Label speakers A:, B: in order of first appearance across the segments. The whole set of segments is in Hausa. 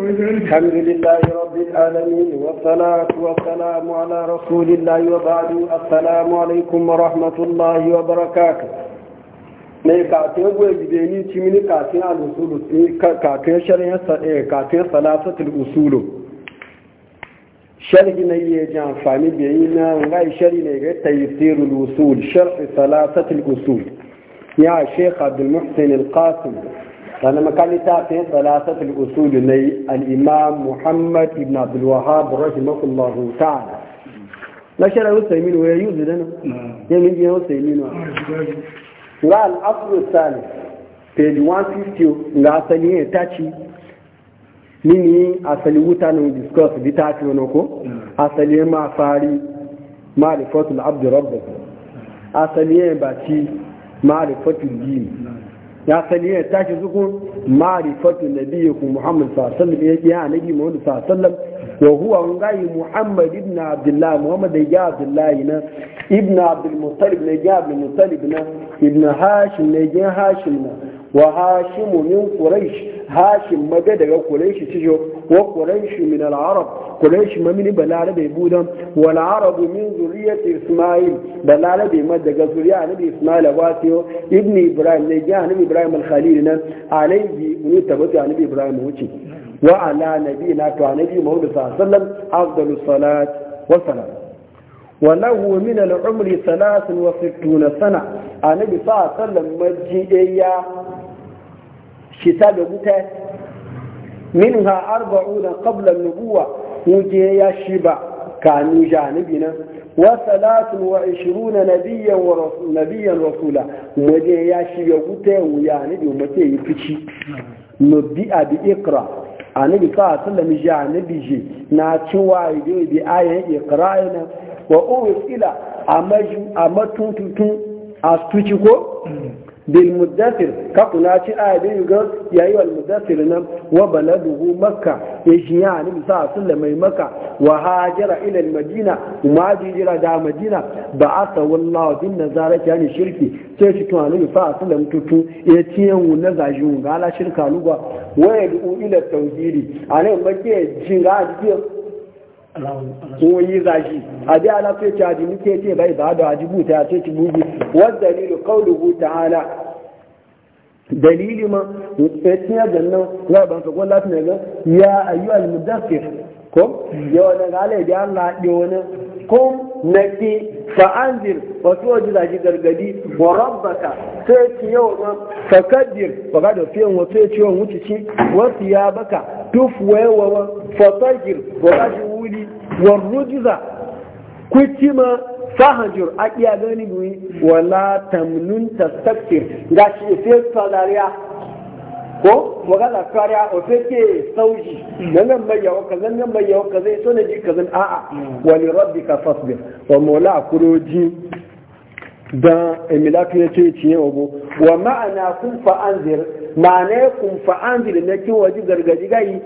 A: الحمد لله رب العالمين والصلاة والسلام على رسول الله وبعد السلام عليكم ورحمة الله وبركاته mai katin gwajibeni ci mini katin al'usulu katin shari'ar eh, katin salasatul usulu sharhi na iya ji amfani yi na ngai shari ne ga tayyisirul usul sharhi salasatul usul ya sheikh abdul muhsin al-qasim sannan makalita sai salasatul usul na al-imam muhammad ibn abdul wahhab rahimahullahu ta'ala na shara usaimin wa yi dana ya yi. jiya usaimin wa ga al-asr salih page 150 ga asali ne tachi nini asali wuta ne discuss bi ta tachi wani ko asali ma fari ma'rifatul abd rabbih asali ne ba ci ma'rifatul din ya sani ya tashi zuku ma'rifatu ku muhammad sallallahu alaihi wasallam ya nabi muhammad sallallahu alaihi wasallam وهو غاي محمد ابن عبد الله محمد ابن عبد الله ابن عبد المطلب ابن عبد hashim ابن هاشم hashim هاشم wa hashimu min quraish hashim mabe daga quraish tijo wa quraish min al arab quraish ma min balarabe budan wal arab min zuriyati isma'il balarabe ma daga zuriya annabi isma'il wasiyo ibni ibrahim ne ya annabi ibrahim al khalil nan alayhi ni tabbata annabi ibrahim wuce wa ala nabiyina to annabi muhammad sallallahu alaihi wasallam afdalus salat wa salam وله من العمر ثلاث وستون سنة النبي صلى الله عليه وسلم مجيئيا kitabe guta minha arba'una qabla an-nubuwa muje ya shiba kanu janibina wa salatun wa ishiruna nabiyan wa nabiyan rasula muje ya shiga guta wuyani da mace yi fici nabi abi ikra anabi sa sallam janibi je na cewa ido bi ayan ikra'ina wa uwsila amaju amatuntun astuci ko bil muddatir ka kula ci a yi bin gan yayi wal muddatir nan wa baladuhu makka ya shi ya ni bisa a mai maka wa hajira madina ma jira da madina ba a tsawon lawadin na zara ki hannun shirki sai shi tun hannun bisa a sulle ya ci yin wunan gashi wunan gala shirka lugwa waya duk ila tauhiri a nan makiya jin gashi
B: ko
A: zaki a bi ala sai ta ji muke ce bai ba da wajibu ta ce ci bugi wa dalilu qawluhu ta'ala dalili ma mutsaitiya jannan za ban ka gwalla ta ga ya ayyuhal mudaffir ko ya wannan ga Allah ya Allah ya ko naki fa'anzir wasu waje za shi gargadi wa rabbaka sai ci yau ma fakaddir ba ka da wa sai ya yau wuce ci wasu ya baka tuf wayewa fatagir wa kashi wuli wa rujiza ma fahajur a iya gani wala tamnun tasaktir ga shi sai salariya ko magana kariya o take sauji nan mai yawa kazan nan mai yawa kazan so na ji kazan zan a'a wani rabbi ka fasbe wa mola kuroji da emilatu ya ce ciye wago wa ma'ana kun fa anzir ma'ana kun fa anzir na kin waji gargaji gai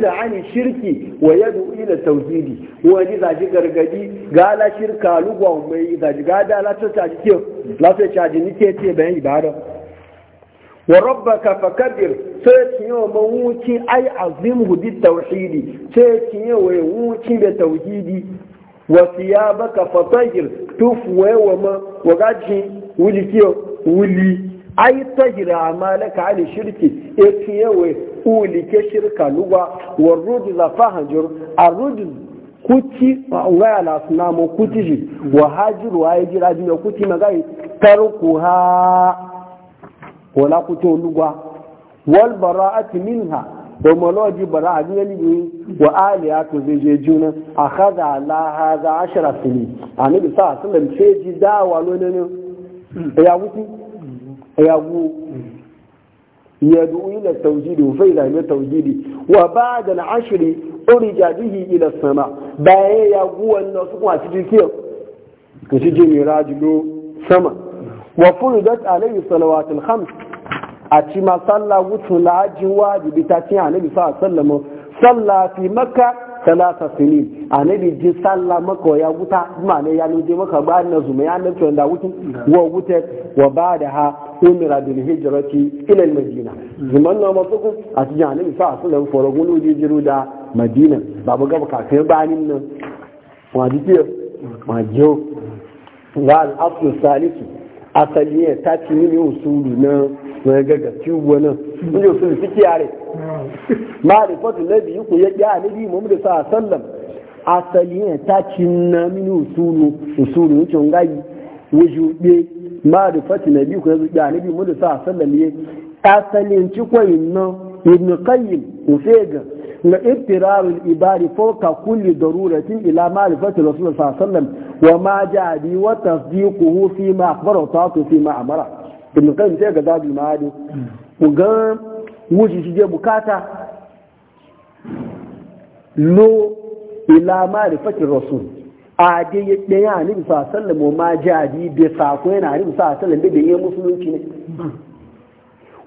A: da ani shirki wa yadu ila tauhidi waji zaji gargaji ga la shirka lugwa mai zaji ga da la ta ta ke la ta ta ji ni ke ce bayan ibada wa rabbaka fakabir sai kiyo yi wuci ai azim hudi tauhidi sai kiyo wa wuci da tauhidi wa siyabaka fatahir tuf wa ma wa gaji wuli kiyo wuli ai tajira malaka ali shirki e kiyo yi wa wuli ke shirka lugwa wa rudu za fahajur arudu kuti wa na sunamu kuti wa hajiru wa hajira biyo kuti magai tarkuha wala kuce lugwa wal bara'ati minha da maloji bara'a wa aliya to je juna a la sini sa sallam sai ji dawa lone ne ya wuce ya wu يدعو إلى التوجيه وفإلى إلى التوجيه وبعد العشر أرجع wa furidat alayhi salawatul khams a ci ma sallah wutun la'ajin wajibi ta cin annabi sa sallama sallah fi makka talata sini annabi ji sallah maka ya wuta ma ne ya nuje maka ba na zuma ya nan tunda wutun wa wuta wa bada ha umira bil hijrati ila al madina zuman na mafuku a ci annabi sa sallama forogun luje jiru da madina mu gaba ba banin nan wajibi wajibi ga al-aslu salisu asaliye ta ci mini usulu na wani gaga ciwo na ndi usulu fi kiyare ma da fatu na biyu ku ya ƙi a nabi mu da sa sallam asaliye ta ci na mini usulu usulu wuce ngayi wujuɗe ma da na biyu ku ya ƙi a nabi mu da sa sallam ya asalin cikwai nan ibn qayyim ufega na ibtirarul ibari fawqa kulli daruratin ila ma'rifati rasul sallallahu alaihi wa ma ja'a bi wa tasdiquhu fi ma akhbara wa fi ma amara qayyim ga ma'adi ku ga wuji shi je bukata lo ila ma'rifati rasul a ya daya ni sallallahu wa ma ja'a bi bi sako yana ni sallallahu da ya musulunci ne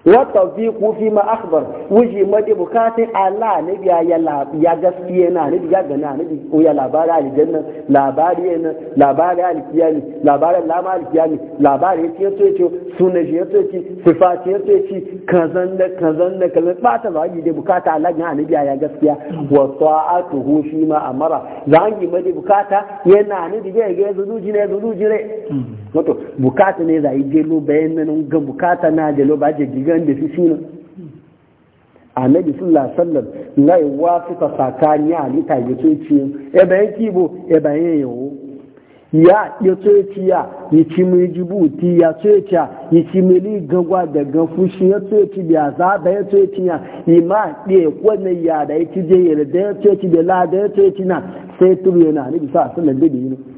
A: wata fi kufi ma akbar wuji madi bukata ala ne nabi ya gaskiya na ne nabi ya gana ne ko ya labari aljanna labari yana labari alkiyami labari lama alkiyami labari ya ce to ce suna shi to ce sifati ya to ce kazan da kazan da kazan bata ba yi da bukata ala ga nabi ya gaskiya wa ta'atuhu shi ma amara zangi madi bukata yana nabi ya ga zuzuji ne zuzuji ne wato bukata ne za a yi gelo bayan nan ga bukata na gelo ba je gigan da fi sinu annabi sallallahu alaihi lasallar na yi wasu ta sakani a lita ya ce ci e bayan kibo e bayan yawo ya ya ce ci ya yi ci mai jibuti ya ce ci ya yi ci mai li gagwa da gafushi ya ce ci da za da ya ce ci ya yi ma ɗe kwanne ya da ya ci je da ya ce ci da la da ya ce ci na sai turu yana annabi sallallahu alaihi wasallam da ne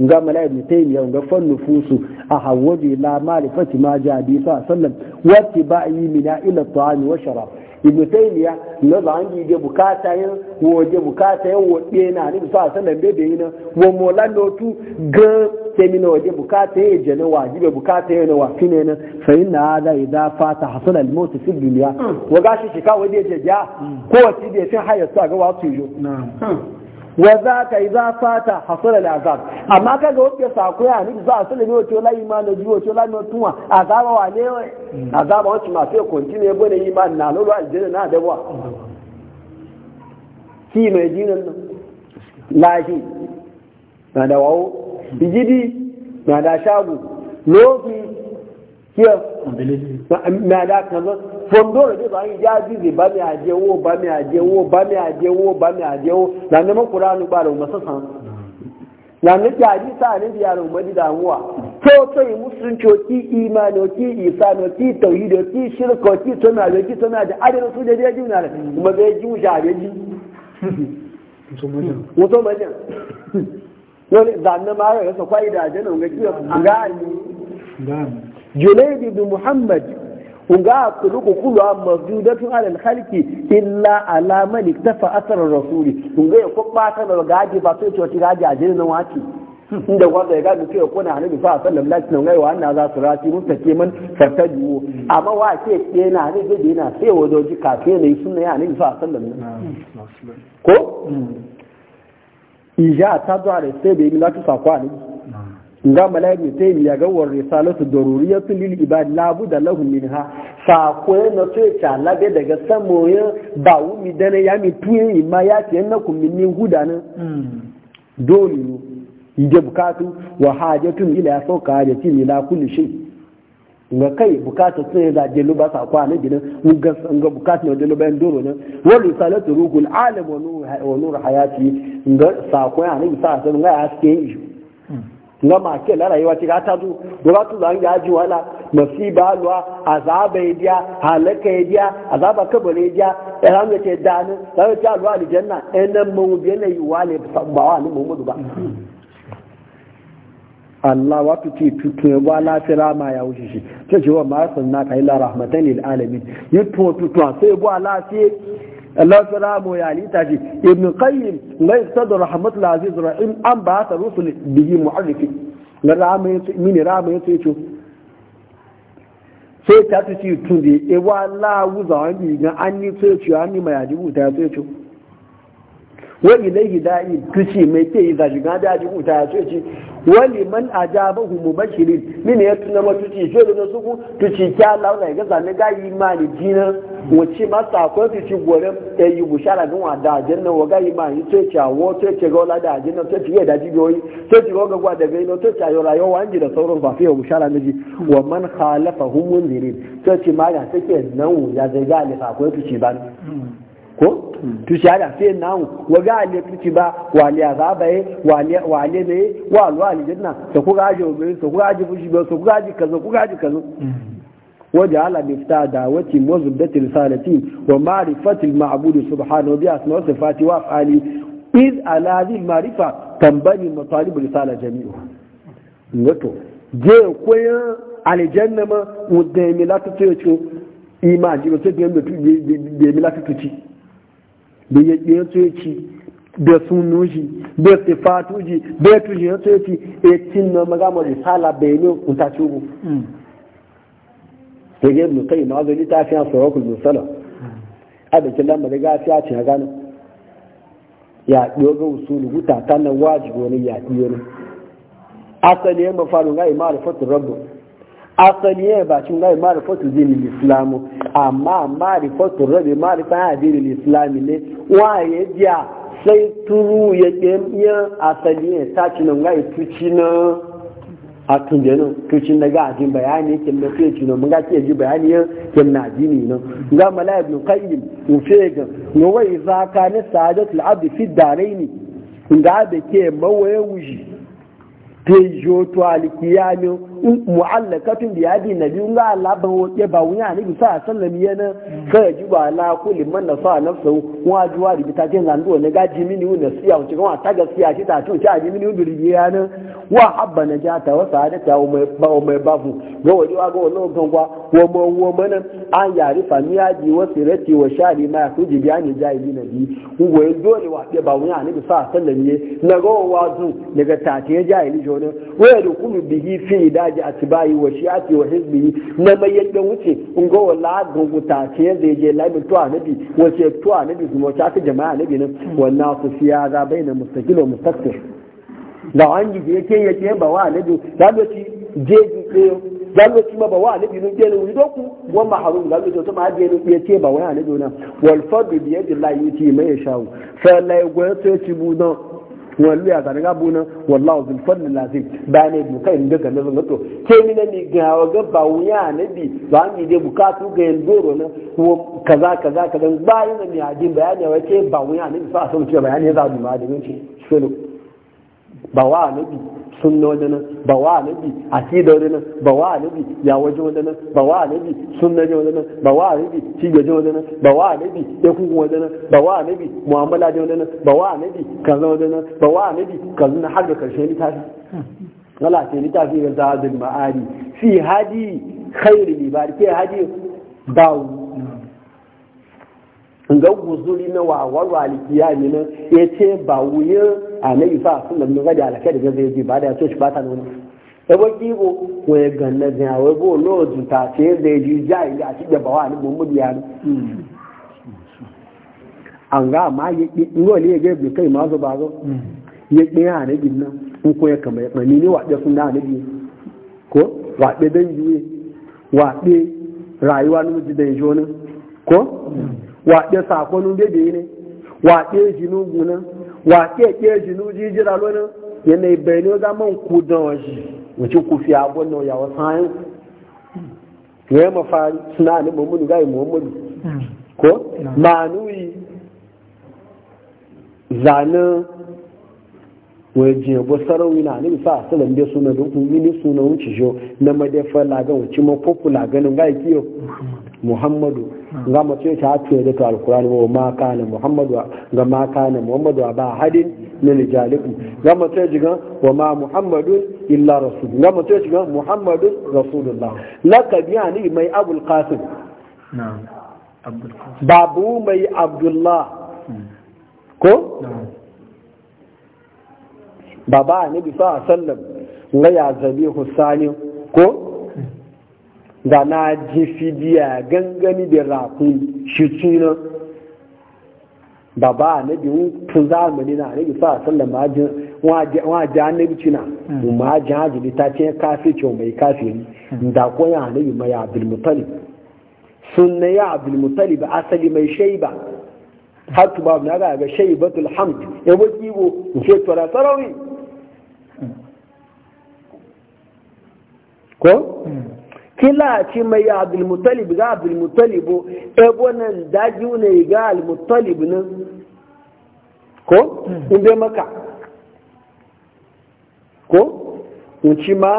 A: nga mala ibn taymiya nga fan nufusu a hawaju la ma'rifati ma ja bi sa sallam wa tibai mina ila ta'am wa sharab ibn taymiya na zangi de bukata yin wo de bukata yin wo de na ni sa sallam be be ina wo mola no tu ga temina wo de bukata yin je na wajibe bukata yin wa fine na fa inna hada idha fata hasala al maut fi dunya wa gashi shika wo de je ja mm. ko ti de sai hayya sa ga wa tu yo na'am hmm. wa za ka yi za fata hasara da azab amma kaga wace sako ya ni za su lemi wato la imani ji wato la mutuwa azaba wa ne azaba wace ma sai continue bane imani na lolo aljanna na da wa ki mai dinan nan lahi na da wawo bijidi na da shagu lofi kiyo na da kanzo fondoro dai ba yi ya jize ba aje wo ba aje wo ba aje wo ba aje wo na kura kuranu ba da sasan na ne aji sa ne biya da umari damuwa to to yi cho ki imani ki isano ki tauhidi ki shirka ki tana da ki tana da adana su da na juna kuma be ji mu sha be ji mutum majan wani zanne ma ga so kwai da no ga kiyo ga ni Junaid ibn Muhammad kunga kuluku kulu mawjudatun ala al-khalqi illa ala man iktafa athar ar-rasul kunga ya ko bata da gaji ba sai to gaji a jirin wati inda wanda ya gaji ya cewa kuna hanabi fa sallam la tunan gaiwa anna za su rafi mustake man fartajiwo amma wa ke tsena ne da yana sai wadoji na ne sunna ya hanabi fa sallam ko hmm. ija ta zuwa da sai bai milatu sakwa ne ga malayin taimi ya gawar risalatu daruriyatun lil ibad la budda lahum minha sako na so ya labe daga samoye ba wumi dana ya mi tuye ma ya ce na kummin gudana hmm. dole ne ide bukatu wa hajatun ila sauka hajati ila kulli shay ga kai bukatu sai da je luba sako a nan ga ga bukatu da luba yan doro nan wa risalatu ruhul alam wa nur hayati ga sako ya nan sa san ga aske shi nga make la rayuwa ci gata zu gaba tu zan ga ji wala nasiba biya, azaba idiya halaka idiya azaba ya idiya ran da ke dani ran ta lwa aljanna enan eh, mun bi ne yi wale ba wa ni muhammadu ba Allah wa tuti tutu wa la firama ya wuce shi ce wa ma sanna ka la rahmatan lil alamin yutu tutu sai wa la sai الله ta ramu ya lita shi ibn qayyim mai sadar rahmatul aziz rahim an الرسل ta rusul bihi من na ramu ce sai ta ci tun da ewa la wani ga an yi ce ce ma yi mai ajibu ta ce ce wa ilayhi da'i tuci mai ke yi zaji ga daji ta ce wani man ajabahu mubashirin mini ya tuna da tuci kya launa wacce masa akwai su ci gore ya eh, yi bushara gan wa da ajin nan a yi ma yi sai awo sai ci gaula da nan sai yadda ji goyi sai ci gwa da gaino sai ayo rayuwa an ji da sauran ba sai bushara na ji wa man khalafa hum munzirin sai ma ga take nan ya zai ga alifa ko su ci ba ko tu ci ada sai nan waga ale tu ci ba wali azaba ye wali wali ne wa alwa aljanna to ku ga ji obi ku ga ji bushi ba to ku ga ji kaza ku ga ji kaza وجعل مفتاح دعوتهم وزبدة رسالتهم ومعرفة المعبود سبحانه بأسماء وصفاته وأفعاله إذ على هذه المعرفة تنبني مطالب الرسالة جميعها نتو je koyan aljanna ma wadda ta ba sai da mutu ya milata da ya da sunuji da sifatuji da tuji na magana risala bayani wajen ibn qayyim ma zai ta fi sa wakul musalla adakin lamba da gafiya ce ga nan ya dogo usulu huta ta nan wajibi ne ya diyo ne asali ma faru ga ma'rifatu rabbu asali ya ba cin ga ma'rifatu dinin islamu amma ma'rifatu ne waye biya sai turu ya asali ya ta cin ga tuci na a tun da nan to cin daga ajin bayani kin da sai cin mun ga ke ji bayani kin na ni nan ga mala ibn qayyim in fega no wai za ka ne sa'adatul abd fi daraini kun da ke mawaye wuji te jo to mu'allakatun bi yadi nabi ga Allah ban wote ba wuya ne bi sa sallam yana kai ji ba la kulli man nasa nafsu wa juwa ri bi ta jin zan do ne ga jimi ni wona siya wuce kuma ta gaskiya shi ta to ta jimi ni wuri bi yana wa habba najata wa sa'adata wa mai ba mai babu ga wani wa ga wannan kan kwa wa ma wa mana an yari famiya bi wa sirati wa shari ma su ji bayani jahili nabi ko ya dole wa ba wuya ne bi sa sallam ne na ga wa zu daga ta ta jahili jona wa yadkhulu bihi fi da a tibayi wa shi'ati wa hizbi na mai yadda wuce in ga wala wuta ce yadda ya je tuwa na bi wace to annabi su mota ta jama'a na bi nan wannan su siya za baina mustaqil wa mustaqir da an ji ke yake ba wa na annabi zaloci jeji ɗaya zaloci ma ba wa na bi nun ke nan doku wa maharum zaloci wata ma je nun ya ce ba wa bi nan wal fadlu bi yadillahi yuti mai ya shawu fa la yaqulu ci budan wallu ya zane gabu nan wallahu zul fadl lazim ba ne bu kai inda ka nazo to ke ni ne ga ga ba wuya ne bi ba ni dai bukatu ga yandoro na ko kaza kaza kaza ba yin ne ya din bayani wa ce ba wuya ne fa sun ce bayani za mu ma da ne ce shulu ba wa annabi sunna nan ba wa annabi akida nan ba wa nabi ya waje nan ba wa annabi sunna je nan ba wa annabi cigaje nan ba wa kuku yakun nan ba wa nabi mu'amala je nan ba wa annabi kaza nan ba wa nabi kaza na har da karshen littafi wala ce littafi ga zadul ma'ari fi hadi khairul ba ke hadi ba. nga guzuri na wawaru alikiya ya nan ya ce ba wuyin a na ifa sun da nuna da alakai daga zai ji ba da ya so shi ba ta nuna ebo kibo ko ya ganna zai a wai bo lozu ta ce zai ji ja ili a cikin bawa ni bumbu biya ni an ga ma ya ki ngo ne ga bi kai ma zo ba zo ya ki ya ne bin nan in ko ya kama ya ni ne wa da sun da ne bi ko wa da dan juye wa rayuwa ni mu ji da jona ko waɗe sakonun bebe ne waɗe jinu gunan waɗe ƙe jinu jijira lonin yanayi bai ne zaman ku don waje wace ku fi abon nan yawon sayan ya yi mafari suna ne muhammadu gai muhammadu ko manuyi zanen wajen yabo sarauni na ne sa asalin bai suna don kun yi mini suna wuce jo na madafa lagan wuce ma popular ganin gai kiyo muhammadu ga mace ta hatuwa da ta alkurani wa ma kana muhammadu ga ma kana muhammadu ba hadin na rijalikum ga mace jiga wa ma muhammadu illa rasul ga mace jiga muhammadu rasulullah laqabi ani mai abul qasim babu mai abdullah ko baba ne bisa sallam ga ya zabi husani ko da na ji fidiya gangani da rakun shi cina, ba ba na biyu tun zamani na nabi sa sallan majin waje annabi cina hmm. ma ji hajji ta ce kafi ce mai ne hmm. da koya annabi mai abdul mutalib sunna ya abdul mutalib asali mai shaiba har tu ba na ga shaibatul hamd ya bo kibo ce tura sarawi hmm. ko kila ci mai abdulmuttalib ga abdulmuttalib ebo nan daji ne ga almuttalib nan ko hmm. inda maka ko uci ma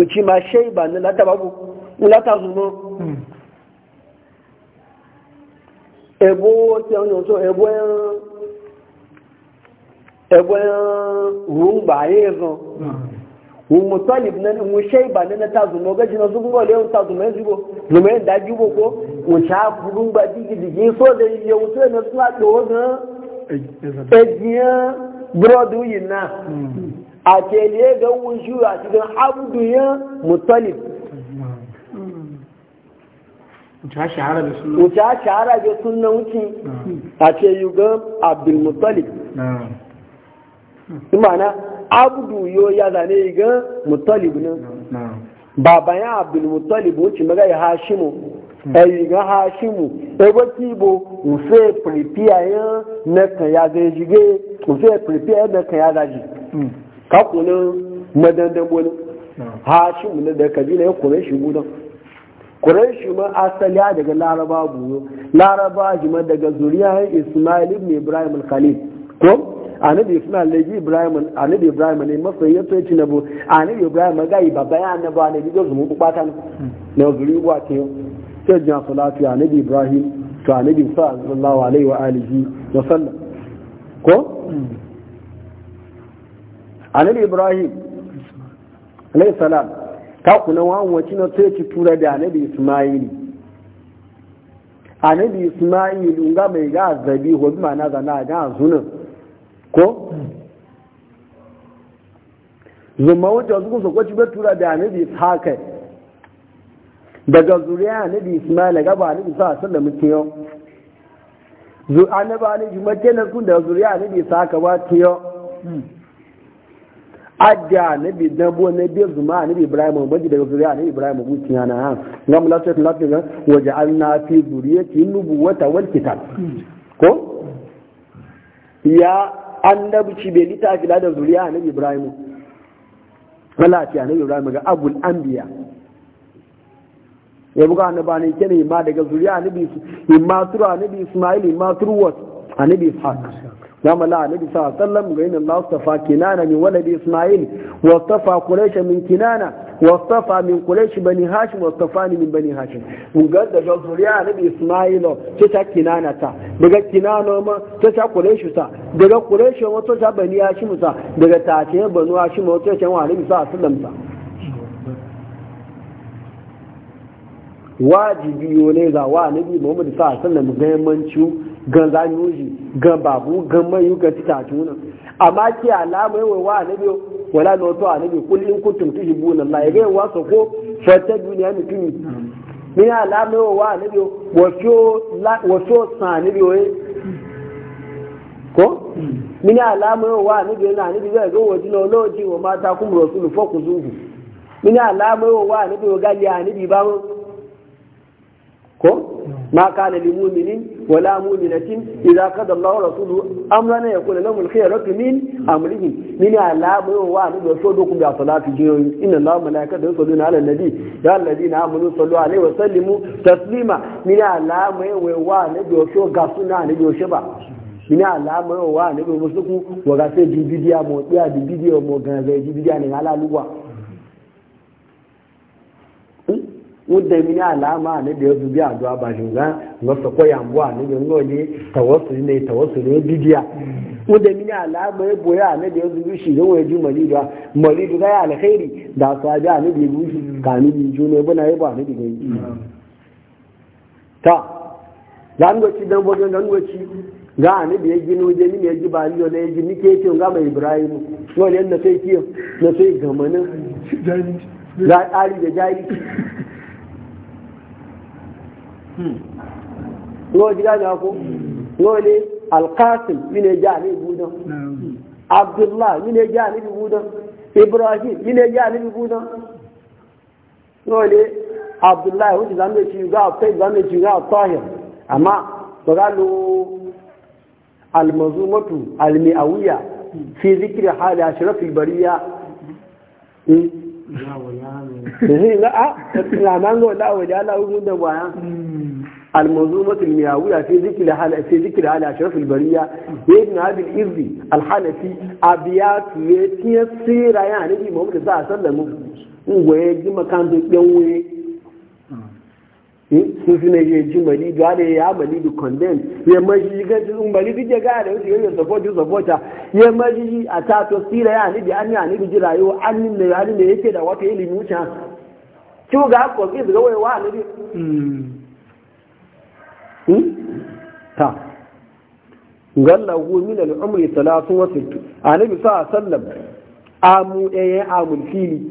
A: uci ma shai ba na lata babu lata zuno hmm. ebo ti ebo ebo rumba yezo wun mutalib na wun shaiba na na tazu no gaji na zugun gole wun tazu mai zugo da ko wun sha bugun ba digi digi so da na suna ɗowa ga ejiya brodu yin na hmm. a keliye ga wun shura a cikin abdu ya mutalib hmm. wuce shahara ga sunan wuce a ce yugan abdulmutalib hmm. imana abdu yo ya zane ga mutalib ne baba ya abdul mutalib wuce maga ya hashimu hmm. ayi ga hashimu e wati bo mufe prepare ya na kan ya ga jige mufe prepare na kan ya ga ji hmm. ka kuno madandan bolo hashimu ne da kabila ya kore shi gudan shi ma asali daga Laraba buyo, Laraba jima daga zuriya Ismail ibn Ibrahim al-Khalil, ko? annabi suna lagi ibrahim annabi ibrahim ne masa ya tsaye ci nabu annabi ibrahim ga yi babba ya annabi annabi ga zumu ku ne na zuri wa ke sai jan salatu annabi ibrahim to annabi sallallahu alaihi wa alihi wa sallam ko annabi ibrahim alaihi salam ta kuna wani wacin na tsaye ci tura da annabi ismaili annabi isma'il nga mai ga zabi ho bi mana zana ga sunan ko zuma wacce wasu kusa kwaci bai tura da annabi ishaka daga zuriya annabi ismail gaba annabi sa da muke yau sallama tiyo annabi annabi makelan kun daga zuriya sa ishaka ba tiyo hmm. adda annabi dabo na biyar zuma annabi ibrahim ubangi daga zuriya annabi ibrahim ubangi na ha na la ta lafiya ga waje an na fi zuriya zuriyati nubu wata walkita hmm. ko ya annabci bai littafi da zuriya annabi ibrahim malati annabi ibrahim ga abul biya. ya buga ba ne kene ma daga zuriya annabi imma a annabi isma'il imma turu a annabi ishaq ya mala annabi sallallahu alaihi wasallam ga inna allah tafa kinana min waladi isma'il wa tafa quraish min kinana wasafa min quraish bani hashim wasafani min bani hashim mun ga da zuriya nabi isma'ila ce ta kinana ta daga kinana ma ce ta quraish ta daga quraish ma ce ta bani hashim ta daga ta ce banu hashim ma ce ta wa nabi sallallahu alaihi ta wajibi yo ne ga wa nabi muhammad sallallahu alaihi wasallam gayyamanci ga zanuji ga babu ga mayu ga titatunan amma ki alama yawa wala na wato a nabi kul in kuntum tuhibbuna Allah ya ga wasu ko fata duniya mutumi min alama wa nabi wato wato san nabi wai e. ko min alama wa nabi na nabi zai ga waji na loji wa mata kum rasulu fa ku zuhu min alama wa nabi ga li nabi ba ko ما كان لمؤمن ولا مؤمنة إذا قضى الله ورسوله أمرنا يكون لهم الخيرة من أمرهم من علام وعلم يصدقكم بصلاة الجنوين إن الله ملائكته يصلون على النبي يا الذين آمنوا صلوا عليه وسلموا تسليما من علام وعلم يصدقنا عليه وشبع من علام وعلم يصدقوا وغسي جبيديا موتيا جبيديا موغنزي جبيديا نغالا لغوا wadda mini alama na da ya zubi addu'a ba shinga masa koya mbuwa na da ne tawasuri ne tawasuri ne bidiya wadda mini alama ya boya na da ya zubi shi don waje ji malidu ga alkhairi da su abi a da yi shi kani bi ne buna ya e ba ne da yi ta zan don ci dan ga a da ya gini wajen ni ya ji ba liyo ya ji nike ce ga mai ibrahim wani yadda sai kiyo na sai gamanin ga ali da jari Hmm. ngo jiga na ko hmm. ngo ne alqasim mine jani budan hmm. abdullah ni jani budan ibrahim ni jani budan ngo ne abdullah wuti zamu ci ga afai zamu ci ga tahir amma bagalu almazumatu almi'awiyya fi zikri hali ashrafil bariya
B: zai
A: na a ah, ramar zuwa da da baya almozu mutum mai yawu ya fi zikir hala fi zikir na bin izi alhalafi a biya tsira ya ne da za a san da mu ngwaye ji makan da yan wuye sun fi na yi ji mali ga da ya mali da condemn ya mashi gajin mali duk ya ga da wuce yanzu support you support ya majiji a ta to sira ya ni bi an ya ni bi rayuwa an ni ne hali ne yake da wata ilimi ta ki ga ko ki ga wai wa ni hmm ta galla go min al umri 63 annabi sa sallam amu eye amul fili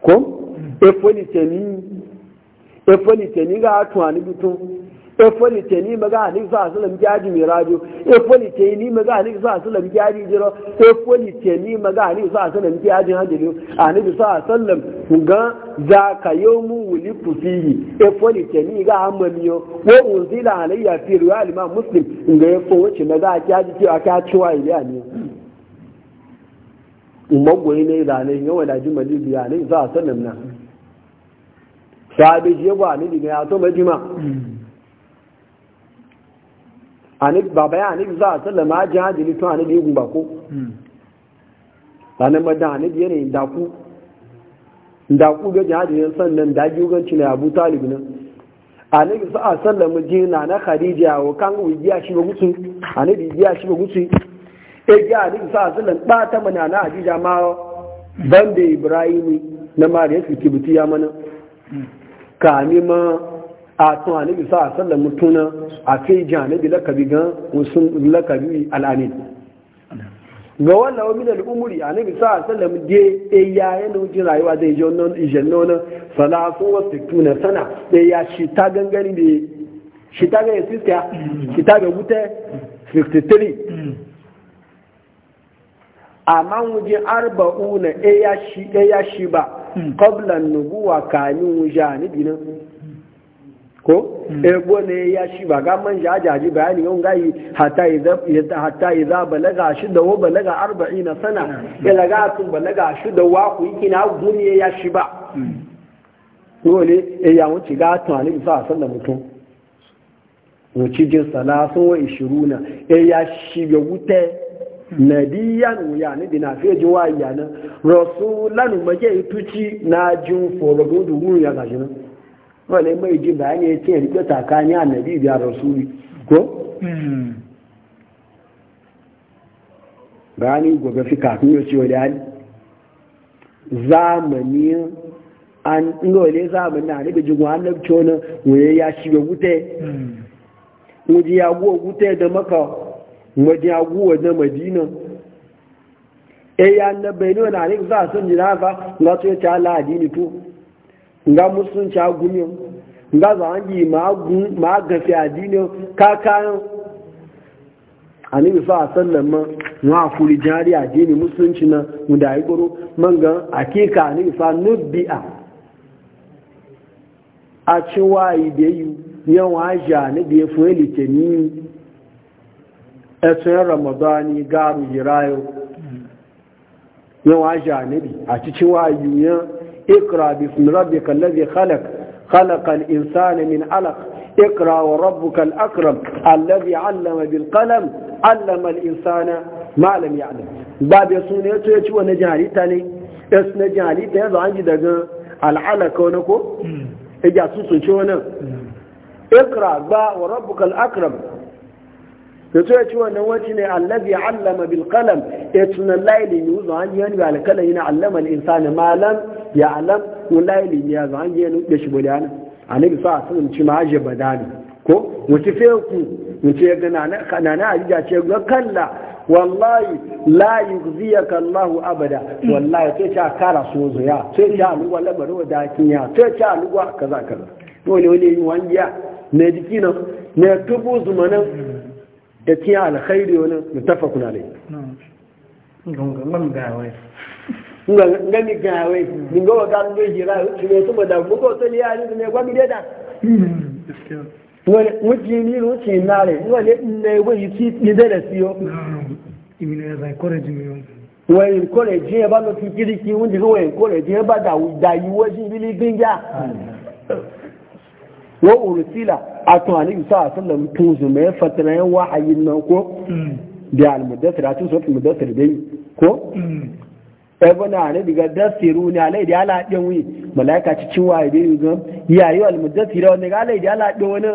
A: ko hmm. e foni teni e foni teni ga atu annabi tun efoli ni maga ani sa asalam jaji mirajo efoli ni maga ani sa asalam jaji jiro efoli ni maga ani sa asalam jaji hanjelo ani sa asalam ga za ka yomu wuli kufiyi efoli ni ga amamiyo wa unzila alayya fi riwayat imam muslim ga yafo wace maga jaji ki aka ciwa ile ani umagoyi ne zane yawa da jimali biya ne sa asalam na sabi je ba ni diga ya to majima anik baba ya anik za a sallama ajin hajjili tun anik yi gumba ko hmm. ranar madan anik yanayin daku daku ga jihadin sannan dagi uganci na abu talib nan anik za a sallama jina na khadija wa kan wigiya shi ba gutsu anik wigiya shi ba gutsu e ga anik za a sallama ba ta mana na hajija ma banda ibrahimi na mariya su kibuti ya mana hmm. kami ma a tun anabi sa a sallar mutuna a kai janabi lakabi gan musun lakabi al'amin ga wannan da umuri al'umuri anabi sa a sallar de e eh, ya yana wuce rayuwa zai je wannan ijen na salatu wa sittuna sana e ya shi ta gangani ne shi ta gangani sista shi ta ga wuta 53 amma wuje arba'una e ya shi e ya shi ba hmm. qabla an-nubuwa kamin wuje ko hmm. ebo eh, ne ya shi ba ga man jaji bayani yau yi hatta idza hatta idza balaga shi da wa balaga 40 sana ila hmm. ga balaga shi da wa ku yiki na ya shi ba hmm. dole e ya wuce ga tun ani bisa san da mutum wuce jin salasun wa 20 e eh, ya shi ga wute nadiyan ya ni dina wa rasulan maje na jin ya gashi iji mai ji bayani ya ce rike tsakani annabi da rasuli ko hmm. bayani gobe fi kafin yau ciwo da hali zamani an ngole zamani na rike jigun annabci wani wuye ya shiga gute hmm. ya guwa gute da maka wajen madina e ya za a nga musulunci agunyo nga zangi ma gafi adini kakayo a ni bifa a sannan ma wa kuri jari adini musulunci na muda yi guru man ga akika a ni bifa n'ubi a ci wayi da yi yawan ajiya ni da ya fuwe litini ẹsùn ramadani garu yirayo yawan ajiya ni a cikin wayi اقرأ باسم ربك الذي خلق خلق الإنسان من علق اقرأ وربك الأكرم الذي علم بالقلم علم الإنسان ما لم يعلم باب يسون يتوى يتوى تاني اس نجالي تاني يضع عندي دقاء العلق ونكو إجا سوسن شونا اقرأ با وربك الأكرم يتوى يتوى نواتني الذي علم بالقلم اتنا الليل يوزو عندي يعني كلا هنا علم الإنسان ما لم ya alam wala ilimi ya zan yi nu da shi bulana anabi sa sun ci maje badani ko wuce fe ku wuce ga nana nana ajija ce ga kalla wallahi la yughziyaka Allah abada wallahi sai ta kara so zuya sai ta wala labaru da kinya sai ta wa kaza kaza ne wani yin wanda ne dikinan ne tubu zumanan da kiya alkhairi wani mutafakun alai. Gungun ga wai. nga mi gan ni nga waka ndo jira tuma tuma da mu ko to liya ne kwa bide da wala wuti ni lu ti nare wala ne we yi ti ni da da siyo imi ne za encourage mi wa ba no ti kiri ki un di wa encourage ba da da yi wo ji bi li ginja wa ursila atun ali sa sallam tun zu me fatran wahayin nan ko mm. bi al mudathir so mudathir dai ko mm. ebona ne diga dasiru ne alai da ala ɗin wi malaika ci wa ya biyu gan yayi wal mudassira wani ga alai ala ɗin wani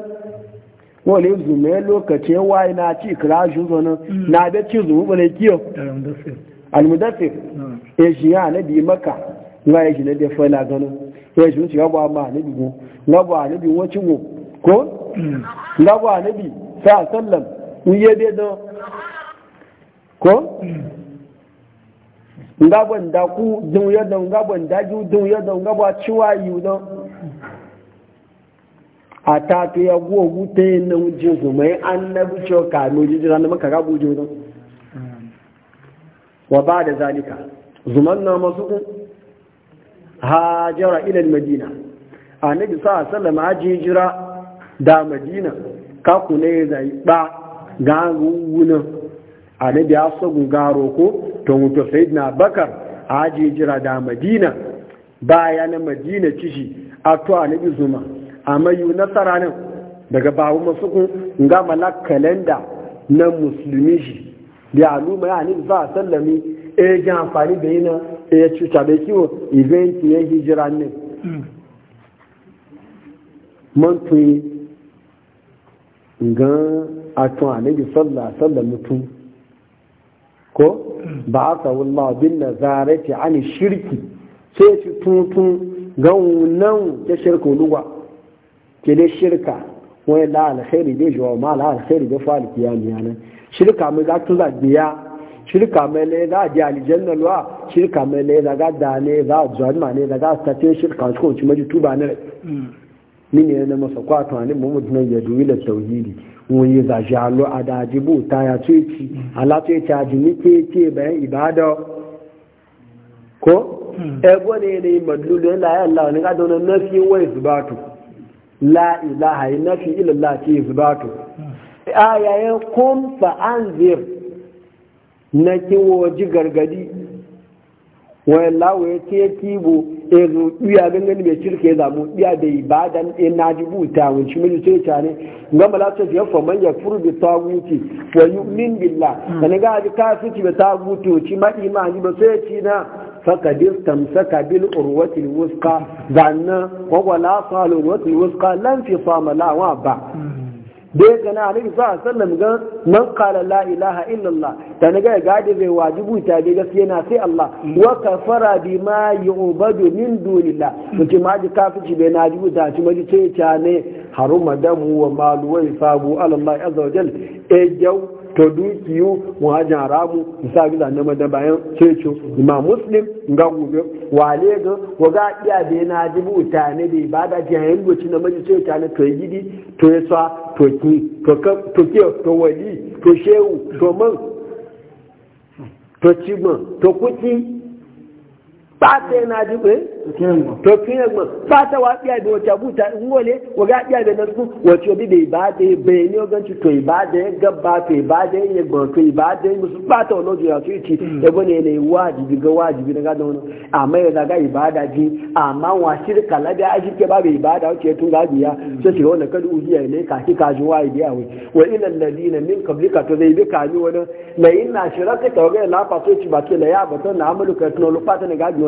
A: wani zume lokacin waye na ci kirashin zonu na da ci zumu bane kiyo al mudassir e shi ya ne bi maka nga ya shi ne da na gano ya shi shi ga ma ne bi go nga ba ne bi wacin go ko nga ba ne bi sa sallam uye de do ko ngabo nda ku dun ya don ngabo nda ju dun ya don ngabo ciwa yu don ata to ya go gute na uje zumai annabi cho ka no ji ran maka ga buje don wa ba da zalika zuman na masu hajara ila madina annabi sa sallam haji jira da madina ka ku ne zai ba ga wunan annabi ya sagu garo ko to mutu sayyidina bakar haji jira da madina baya na madina cishi a to annabi zuma a mayu nasara nan daga babu masu ga malak kalenda na musulmi shi da aluma ya annabi za a sallami e ji amfani da yi e ya cuta da kiwo event ya hijira ne man tuyi ga a to annabi sallah sallah mutum ko ba a sawun ma bin na zarati ani shirki sai shi tuntun gaunan ta shirka luwa ke dai shirka wani la alkhairi shi wa ma la alkhairi bai fa ne yanan shirka mai za tu za biya shirka mai ne za a ji na luwa shirka mai ne za a da ne za a zuwa ma ne za a tafi shirka cikin wacce maji tuba na ne mm. ni ne na masa kwatuwa ne mu mutunan ya duwi da tauhidi wòye bàjẹ́ àlọ́ àdàjìbò táyà tó èkì alátó èkì àjì ní kéèké ẹ̀bẹ̀ ìbádọ́ kó hmm. ẹgbọ́n ní ilẹ̀ ìmọ̀lúlù láyé ńlá oníkádọ́nà nọ́fí wọ́n ìzùbátò láìláhà nọ́fí ìlọ́lá àti ìzùbátò ayayen hmm. kún fa'anzir na kí wọ́n jí gargadi wọ́n láwọ̀ ya kéèké bò e zo duya gangan mai shirke ya zamu ɗiya da ibadan e na ji buta mun shi mun ce ta ne ngam la ta ya faman ya furu ta wuce, wa yu'min billah hmm. kana ga ji kafiti bi taguti ci ma imani ba sai ci na tamsa ka bil urwati al wusqa zanna wa wala salu urwati wusqa lan fi sama la wa ba hmm. da ya gana a nufi sa'a sallam ga man kala la ilaha illallah ta na gaya gadi zai wajibu ta ga gaskiya na sai Allah wa kafara bi ma yu'badu min dunillah mutum ma ji kafici bai na jibu ta ci maji ce ta ne haruma damu wa malu wa isabu Allah azza wa e jau to dukiyu wajen haramu isa gida na madan bayan ceco ma muslim ga gobe wale ga waga iya da yana jibu ta ne ba da ke yayin goci na maji ce ta to yi gidi to ya sa to ki to ke to wali to shehu to man to cibin to kuti. pata yana ji kwe eh? to kin yagba pata wa biya da wacce buta in waga wa ga biya obi da bai ne ogan ci to ba da ya gabba to ba ya yagba to ba na ya musu pata wa su wajibi ga wajibi na gada wani amma ya zaga ibada ji amma wa shirka lada a shi ke ba bai ibada wacce tun gabi ya mm. sai shi wannan kada ujiya ne ka ji wai wa min to zai bi ga na amalu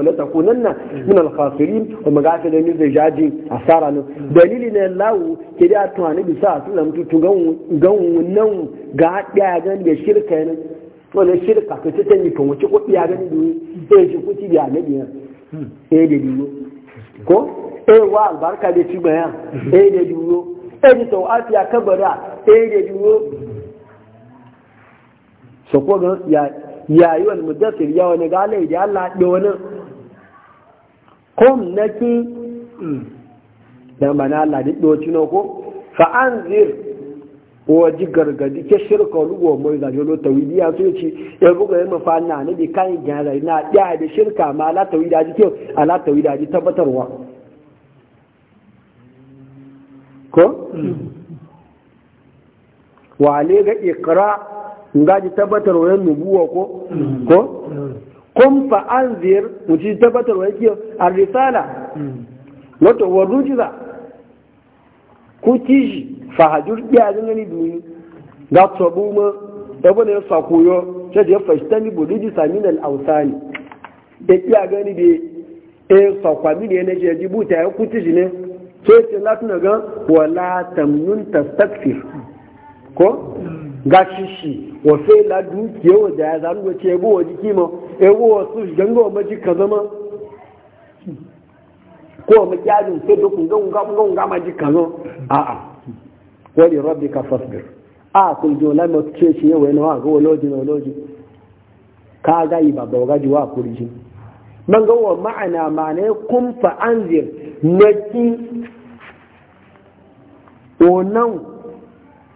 A: wala takunanna min al khasirin wa magafi da min zajaji asara nan dalili ne lawu ke da to annabi sa sallam tutu gan gan nan ga da gan da shirka ne wala shirka ka ta tanyi kan wuce kudi a gani da eh shi kuti da annabi ya eh da duro ko eh wa albarka da ci bayan eh da duro eh da tawafiya kabara eh da duro so ko ga ya yayi wal mudassir ya wani gale da Allah da wani kom naki hmm. da bana Allah duk doci no ko fa anzir waji gargadi ke shirka lugo mai da jolo tawidiya so ci ya buga yamma fa na ne bi kan gyara na ya da shirka ma la tawida ji ke ala tawida ji tabbatarwa ko wa ne ga ikra ngaji tabbatarwa nubuwa ko ko kun ziyar mutu tabbatar wa yake a risala wato wa rujiza ku kishi fahajur iya zan gani duni ga tsobu ma ɗabu ya sa koyo da ya fashtani bu rijisa min al'ausani da iya gani da ya ne na jeji buta ya kuti shi ne sai ce latin ga wala tamnun tastakfir ko ga wa sai la dukiya ya zanu ce ya bu wa jiki ma ewu wasu gangawa maji ka zama ko ma kyajin sai da kun gan gan gan gan ji ka zama a wani rabbi ka fasbir a kun jo la mu ce shi yau yana wa go loji no loji ka ga ba baba ga wa kurji man ga wa ma'ana ma'ana kun fa anzir naki onan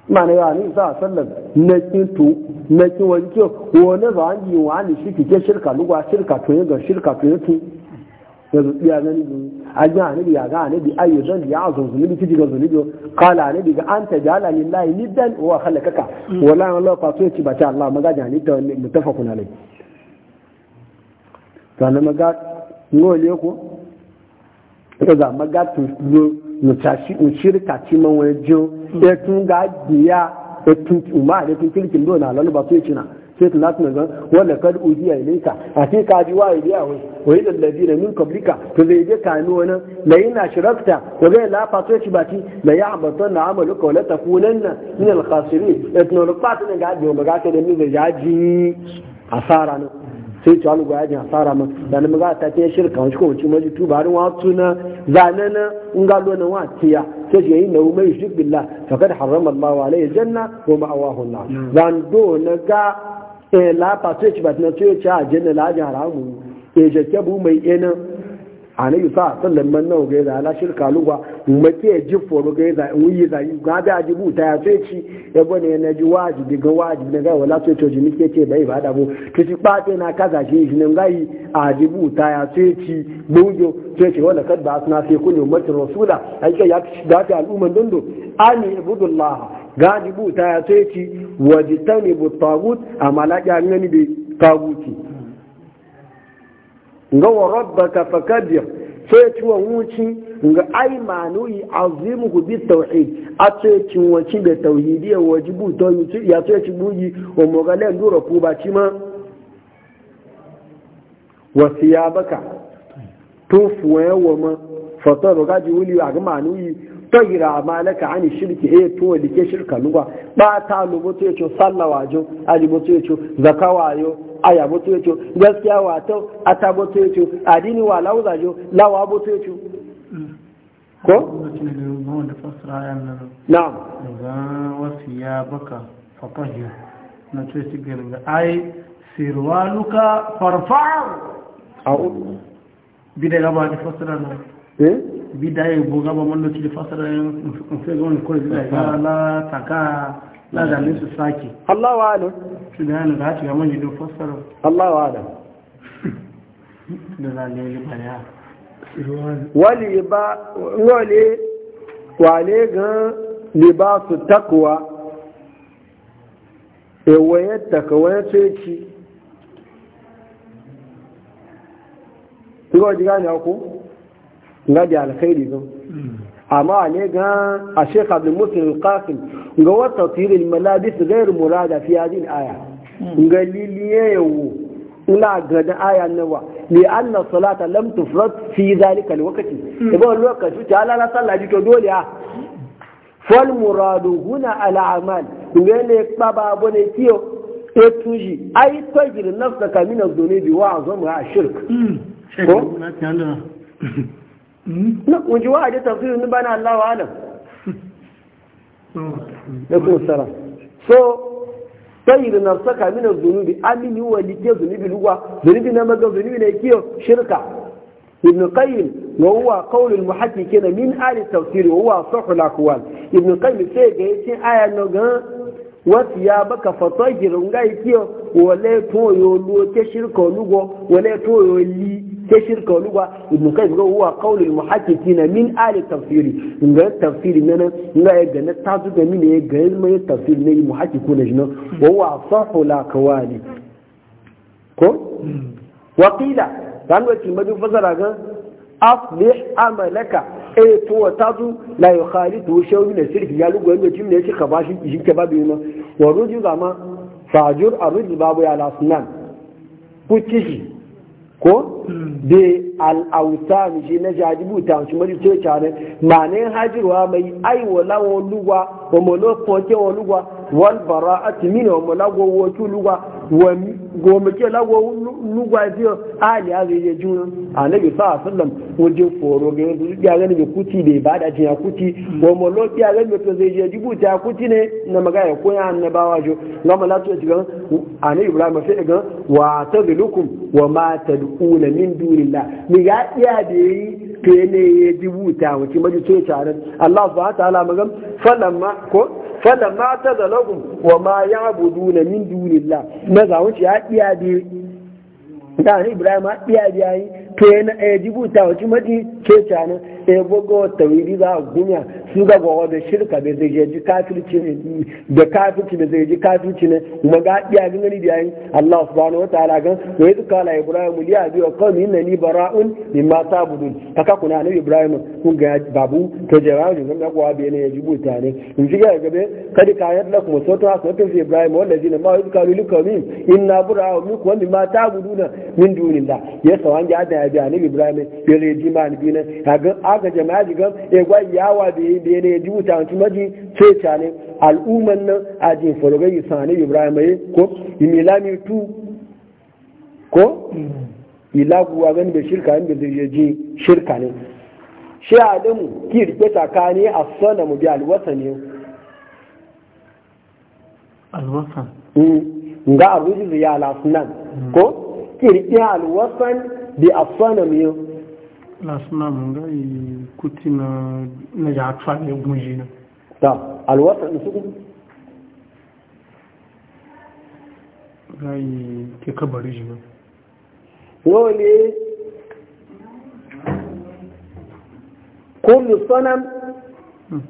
A: mana yawa ne za a sallar na kintu na kiwon kiyo wani za a yi wa ne shi ke shirka lugwa shirka to yin ga shirka to yin tu ya zuɓi ya gani a ji a nabi ya ga a nabi ayyu zan ya a zan zunubi kiji ga zunubi kala a nabi ga an ta jala lillahi nidan wa khalaqaka wallahi Allah fa so ya ci bace Allah maga ji ta wani mutafakun alai sannan maga ngole ko ga maga tu mucirka ci man wani jin hmm. ya tun ga biya ya tun umma da tun kirkin do na lalu ba sai cina sai tun lati nazar wanda kad ujiya ilaika a sai ka ji wa idiya wai wai da ladina min qablika to zai je ka ni wani la yana shirakta wa ga la fa sai ci bati la ya abatan na amalu ka la takunanna min al khasirin etno lupat ne ga ji ba ga ka da mi zai ji asara na. sai ci wani gwaya jin ma da na maza ta tiyan shirka wani kuma maji tuba harin tuna zane na in galo na wa tiya sai shi yi na mai shi billah fakad haram Allah wa alayhi janna wa awa hmm. na zando na ga e la pa ba na sai a la jin mu e eh, jake bu mai ena eh, anabi sa sallan man nawa ga Ala shirka lugwa make ji foro ga yadda in yi zai ga da ji buta ya ce ci ya bane na ji wajibi ga wajibi na ga wala ce to ji nike ce bai ba da mu to ci bate na kaza shi shi nan gai a ji buta ya ce ci bujo ce ce wala kad ba asna fi kulli ummatin rasula aika ya da ta al'umman dondo ani ibudullah ga ta buta ya ce ci wajitani bu tagut amala ga ngani bi taguti nga wa rabbaka fakabir sai ci wa wuci nga ai manu yi azimuhu bi tauhid a ce ci wuci da tauhidi ya wajibu to ya ce ci buji wa mogalen dura ku ba ci ma wa siyabaka tufuwa wa ma fatar ga ji wuli a ga manu yi tayira malaka ani shirki e to dike shirka lugwa ba ta to sallawajo to zakawayo aya boto yato gaskiya wato ata boto yato adini wa lauza jo lawa boto yato
B: ko na ga wasu ya baka
A: fatahir na ce shi ga ai sirwa sirwaluka farfar uku bidai gaba da fasara na eh? bidai bu gaba mallo ci da fasara in fe gon ko da ga la taka la da nisu saki Allahu a'lam su gane za ta gama jidon fassara Allah wa da da zalayi baya wali ba e Nga da alkhairi
B: hmm.
A: amma ne ga a shekha bin muslim ga wata malabis gairu murada fi aya Hmm. nga liliye yawo ina ga da aya nawa li anna salata lam tufrat fi zalika alwaqti ibo hmm. lokaci ta ala sallah ji to dole a. fal muradu huna al a'mal ngene baba bone kiyo etuji ai tajir nafsaka min adh-dhunubi wa azamu ashirk hmm. ko na kunji wa da tafsir ni bana Allah wa alam da kuma sara so sayyid nafsaka min mina zunubi amini wa like zunubi lugwa zunubi na maga zunubi na kiyo shirka ibn qayyim wa huwa qawl al kana min ahli tafsir wa huwa sahih al-aqwal ibn qayyim sai ga yace aya no ga wasu ya baka fatajir ngai kiyo wale toyo lo ke shirka lugwa wale toyo li ke shirka luwa ibn kai ga huwa al muhaddithina min ali tafsiri ga tafsiri nan ga ga na tazu ga min ya ga mai tafsiri ne muhaddithuna jina wa huwa sahu la kawali ko wa qila dan wacin madu fasara ga aflih amalaka eh to tazu la yukhalidu shawmi na shirki ya lugo yanda jin ne shi ba shi shi ke babu yana wa ruju ma fajur arujul babu ya lasunan ku shi ko hmm. be al'autan shi na jajibu ta shi mari to tare ma ne hajirwa mai ai wala woluwa wa molo foke woluwa walbara a min wa lagu wa tuluwa wa goma ke lagu lugwa biyo ali ya zai juna annabi sa sallam waje foro ga yanzu ya gani ga kuti da kuti wa ya gani zai je kuti ne na magana annabawa jo ngama la to ibrahim sai ga wa tadlukum wa ma min dunillah iya da yi to ne ya jibuta wace maji ce tare Allah subhanahu wa ta'ala magan falamma ko falamma ta tazalahum wa ma ya'buduna min dunillah maza wuce ya iya bi da Ibrahim ya iya bi to ne ya eh, jibuta wace maji ce tare e bugo tawiri za a gunya su ga gawa da shirka da zai ji kafirci ne da kafirci da zai ji kafirci ne kuma ga biya gani da yayin Allah subhanahu wataala gan wa yadda kala Ibrahim li abi wa qawmi innani bara'un mimma ta'budun kaka kuna ne Ibrahim kun ga babu to jawabi ne ga gawa ne ya buta ne in ji ga gabe kada ka yadda kuma sotu ta fi Ibrahim ne ma yadda li liqawmi inna bura'u minkum mimma ta'buduna min dunillah ya sawan ga da ya bi Ibrahim ya reji man bi ne kaga aga jama'a gan e gwa yawa da yi da ne jibu ta mutum maji sai ne. al'umman nan a jin yi sani ibrahim ya ko imilami tu ko ilagu wa gani bai shirka yin bai zai ji shirka ne shi adamu ki rike tsakani a sana mu bi alwasa ne alwasa mm. nga abu ya lasunan ko kirki alwasan bi asana mu
B: lasuna mun ga kuti na na ya twa ne gunji na
A: Da, alwata ne su
B: ke kabari ji
A: wani kullu sanam hmm.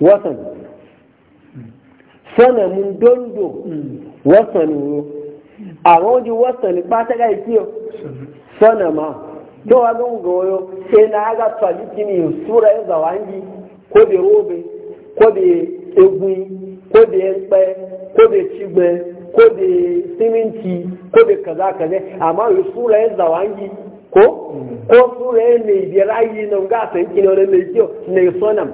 A: watan sanamun dondo hmm. watan a wajen watan ba ta ga sanama to wa zan goyo sai na ga tsali kini sura ya zawangi ko be robe ko be egun ko be empe ko be cigbe ko da siminti ko da kaza kaza amma yi sura ya zawangi ko ko sura ya mai biyar ayi na ga san kini wani mai kyau ne sonam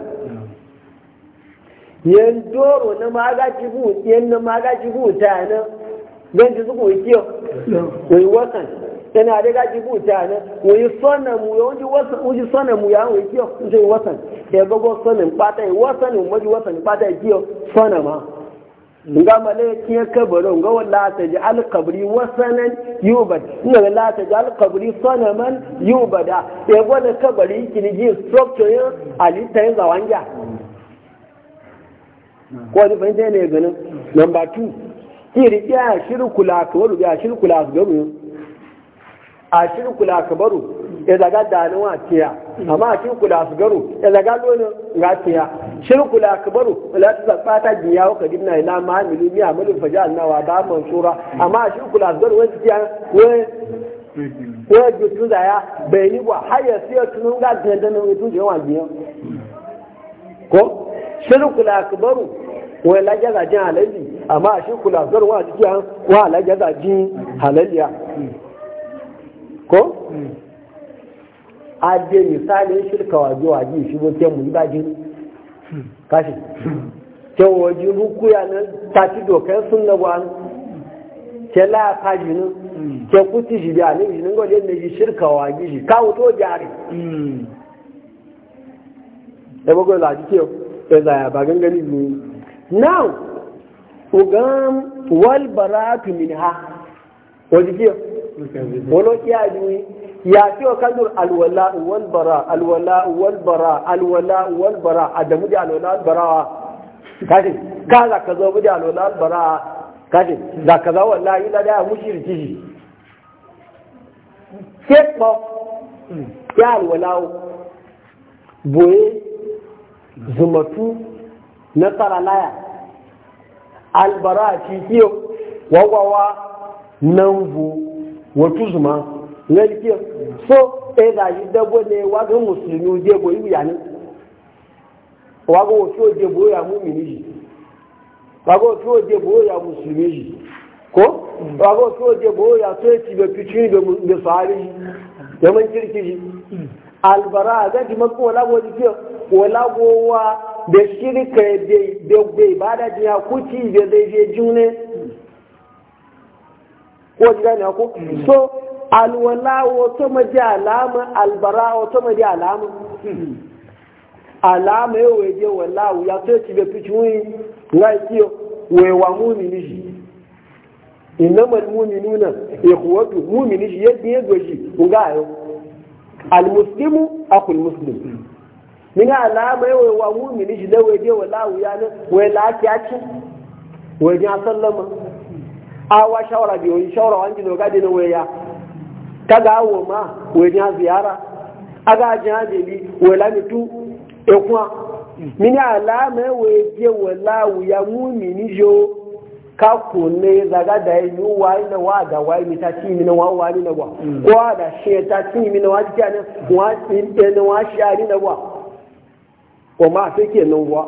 A: yan doro na magaji bu yan na magaji bu ta nan ganji su ko kyau wai wasan yana da gaji buta ne wani sanamu ya wani wasan wani sanamu ya wani kiyo in wasan ya gogo sanin bata wasan wani wasan bata kiyo sanama nga male kiyo kabaro nga wala ta ji alkabri wasanan yubad nga wala ta ji alkabri sanaman yubada ya gwada kabari kini ji structure ya alita ya zawanja ko wani fahimta ne ganin number two kiri ya shirku la kawai ya shirku la su a shirkula kabaru ya zaga danuwa tiya amma a kula su garo ya zaga lonin ga tiya shirkula kabaru la ta ta biya wa dinna ina ma milu miya milu fajalna wa ba mansura amma a shirkula su garo wani tiya wani wani da ya bai ni ba har ya siya tunun ga dandanin mutum da yawan biyan ko wai kabaru wani lajazajin halalli amma a shirkula su garo wani tiya wani lajazajin halalliya ko hmm. ade misalin shirka waje waje shi bo mu yi baji hmm. kashi ke waje rukuya na tati dokar sunna wa ke la kaji ne hmm. ke kuti shi biya ne ne gode ne shi shirka waje shi ka to jari Ya e bago la ji ke e ya zaya ba gangani ne now ugam wal baratu minha waje ke wani kiya juyi ya fi wa kandur alwala walbara alwala walbara alwala walbara a da muji alwala walbarawa kashi ka za ka zo muji alwala walbarawa kashi za ka za wallahi na daya mushirki shi sai ɓo ya alwala na albara nan wọ́tú zùmọ́ ńlẹ́yìn kí so ẹ̀dá yìí dẹ́gbọ́ ni wágé mùsùlùmí ojú ẹ̀gbọ́ yìí yà ní wágé òfin ojú ẹ̀gbọ́ yà mú mi níyì wágé òfin ojú ẹ̀gbọ́ yà mùsùlùmí yìí ko wágé òfin ojú ẹ̀gbọ́ yà tó ètì yi pìtì ní bẹ̀ sọ̀hárí yìí yẹmọ ń kiri kiri alùbárà àgbẹ̀jì mọ́ fún ọ̀làwọ̀ ojú kí ọ̀làwọ̀ wa da sírí kẹ̀ bẹ̀ ìbádájì ko ji gane ko so alwala wato ji alama albara wato ji alama alama yau je wallahu ya to ci be fici yi ngai kiyo we wa mumini shi innamal mu'minuna ikhwatu mumini shi yadda ya goji kun ga ayo almuslimu akhul muslim min alama yau wa mumini shi da waje wallahu ya ne we la ki aki we ji sallama awa shawara bi wani shawara wani jino gadi na waya ta ga awo ma wani ya ziyara a ga ajin ajeli wala mitu ekuwa mini alama weje wala wuya mumini jo ka kunne zaga da yi wa ina wa da wa mi ta ci mi na wa wa ni na wa mm. ko da shi ta ci mi na wa ti ana wa ti na wa shi ani e na wa e mm. ko ma sai ke nan wa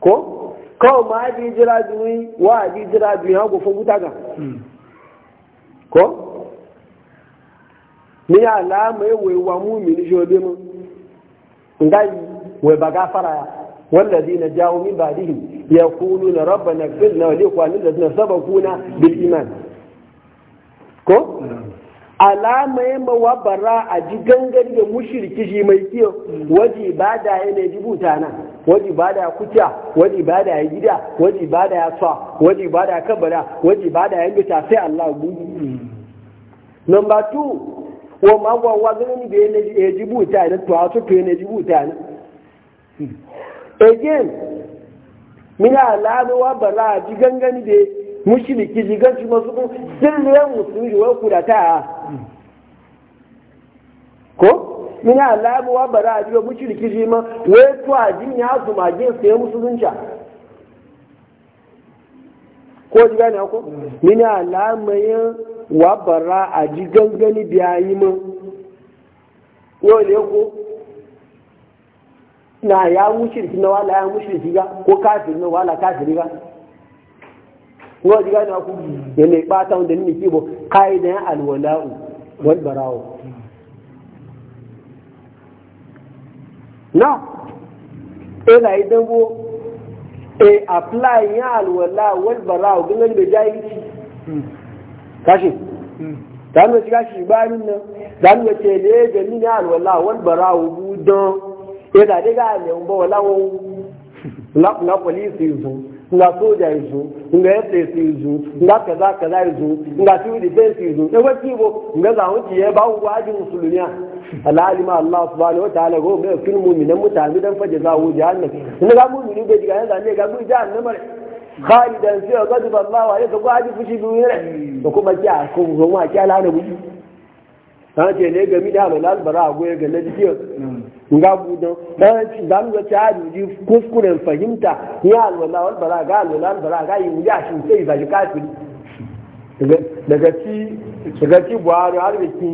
A: ko kawai ma ji jira biyu wa ji jira ha gufin wuta ga hmm. ko ni alama ya wai wa mu mini jobe mu ngai wai ba fara ya والذين na من na يقولون ربنا اغفر لنا saba kuna سبقونا iman ko hmm. alama ya mawa bara a ji gangan da mushirki shi mai kiyo waje ba da ya ne ji na waje ba da ya kuta waje ba da ya gida waje ba da ya sa waje ba da ya kabara waje ba da ya gita sai Allah gudu number two wa magwawa ganin da ya ji na to a tuto ya ji butana again mina alama wa bara a ji gangan da gan jiganci masu sun liyan musulmi wai kudata ko mina alamu wa bara mushi da kiji ma wai to ajin ya su maje su ya musulunci ko ji gane ko mina alamayin wa bara aji gangani biya yi ma yau ne ko na ya da na wala ya da kiga ko kafin na wala kafin ga ko ji gane ku ya ne bata wanda ni kibo kaidan alwala'u wal bara'u eh, na ila idan bo e eh, apply ya alwala wal bara'u ganin da jahilci kashi ta nuna shiga shi bayanin nan ta nuna ce ne ga mini alwala wal bara'u budon ya eh, zaɗe ga alewun ba wala wani na kwalisi yi nga soja izu nga fs izu nga kaza kaza izu nga civil defense izu e wa kibo nga za hu ki ba hu waji musulmiya alali ma allah subhanahu wa ta'ala go me kin mu'minan mutane dan faje za hu jahannam ne. ga mu'mini bai diga yanzu ne ga mu jahannam ne khalidan fi ghadab allah alayka ko aji fushi duniya da kuma ki a ko zo ma ki ala na buji ta ce ne ga mi da halal bara go ga na jiya nga budo dan dan ga ta ji kuskuren fahimta ya alwala wal balaga alwala wal balaga yi ya shi sai ba ji kafiri daga ci daga ci buhari har da ki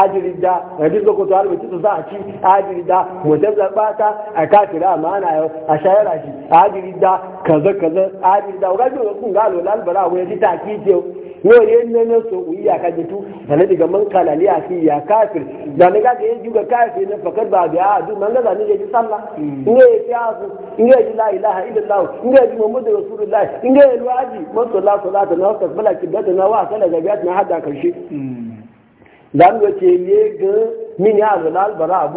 A: ajiri da hadis da koto har da ki za a ci ajiri da mutum zaɓa ta a kafira amana yau a shayara shi ajiri da kaza kaza ajiri da ga ji kun ga alwala wal balaga wani ta ki ce yau yin nan nan so uyi ya kaji tu da diga man kalali a fi ya kafir da na kaga yin juga kafir na fakar ba biya a duk man gaza ne ya ji sallah in mm. ga ya fi azu in ga ya ji la ilaha illallah in ga ya ji muhammadu rasulullah in ga ya yi waji man sallah salata na wakas bala kibbata na wa sallah jabiyat na hada karshe mm. za mu ce ne ga min ya azu albara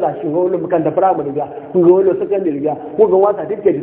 A: za shi wani wani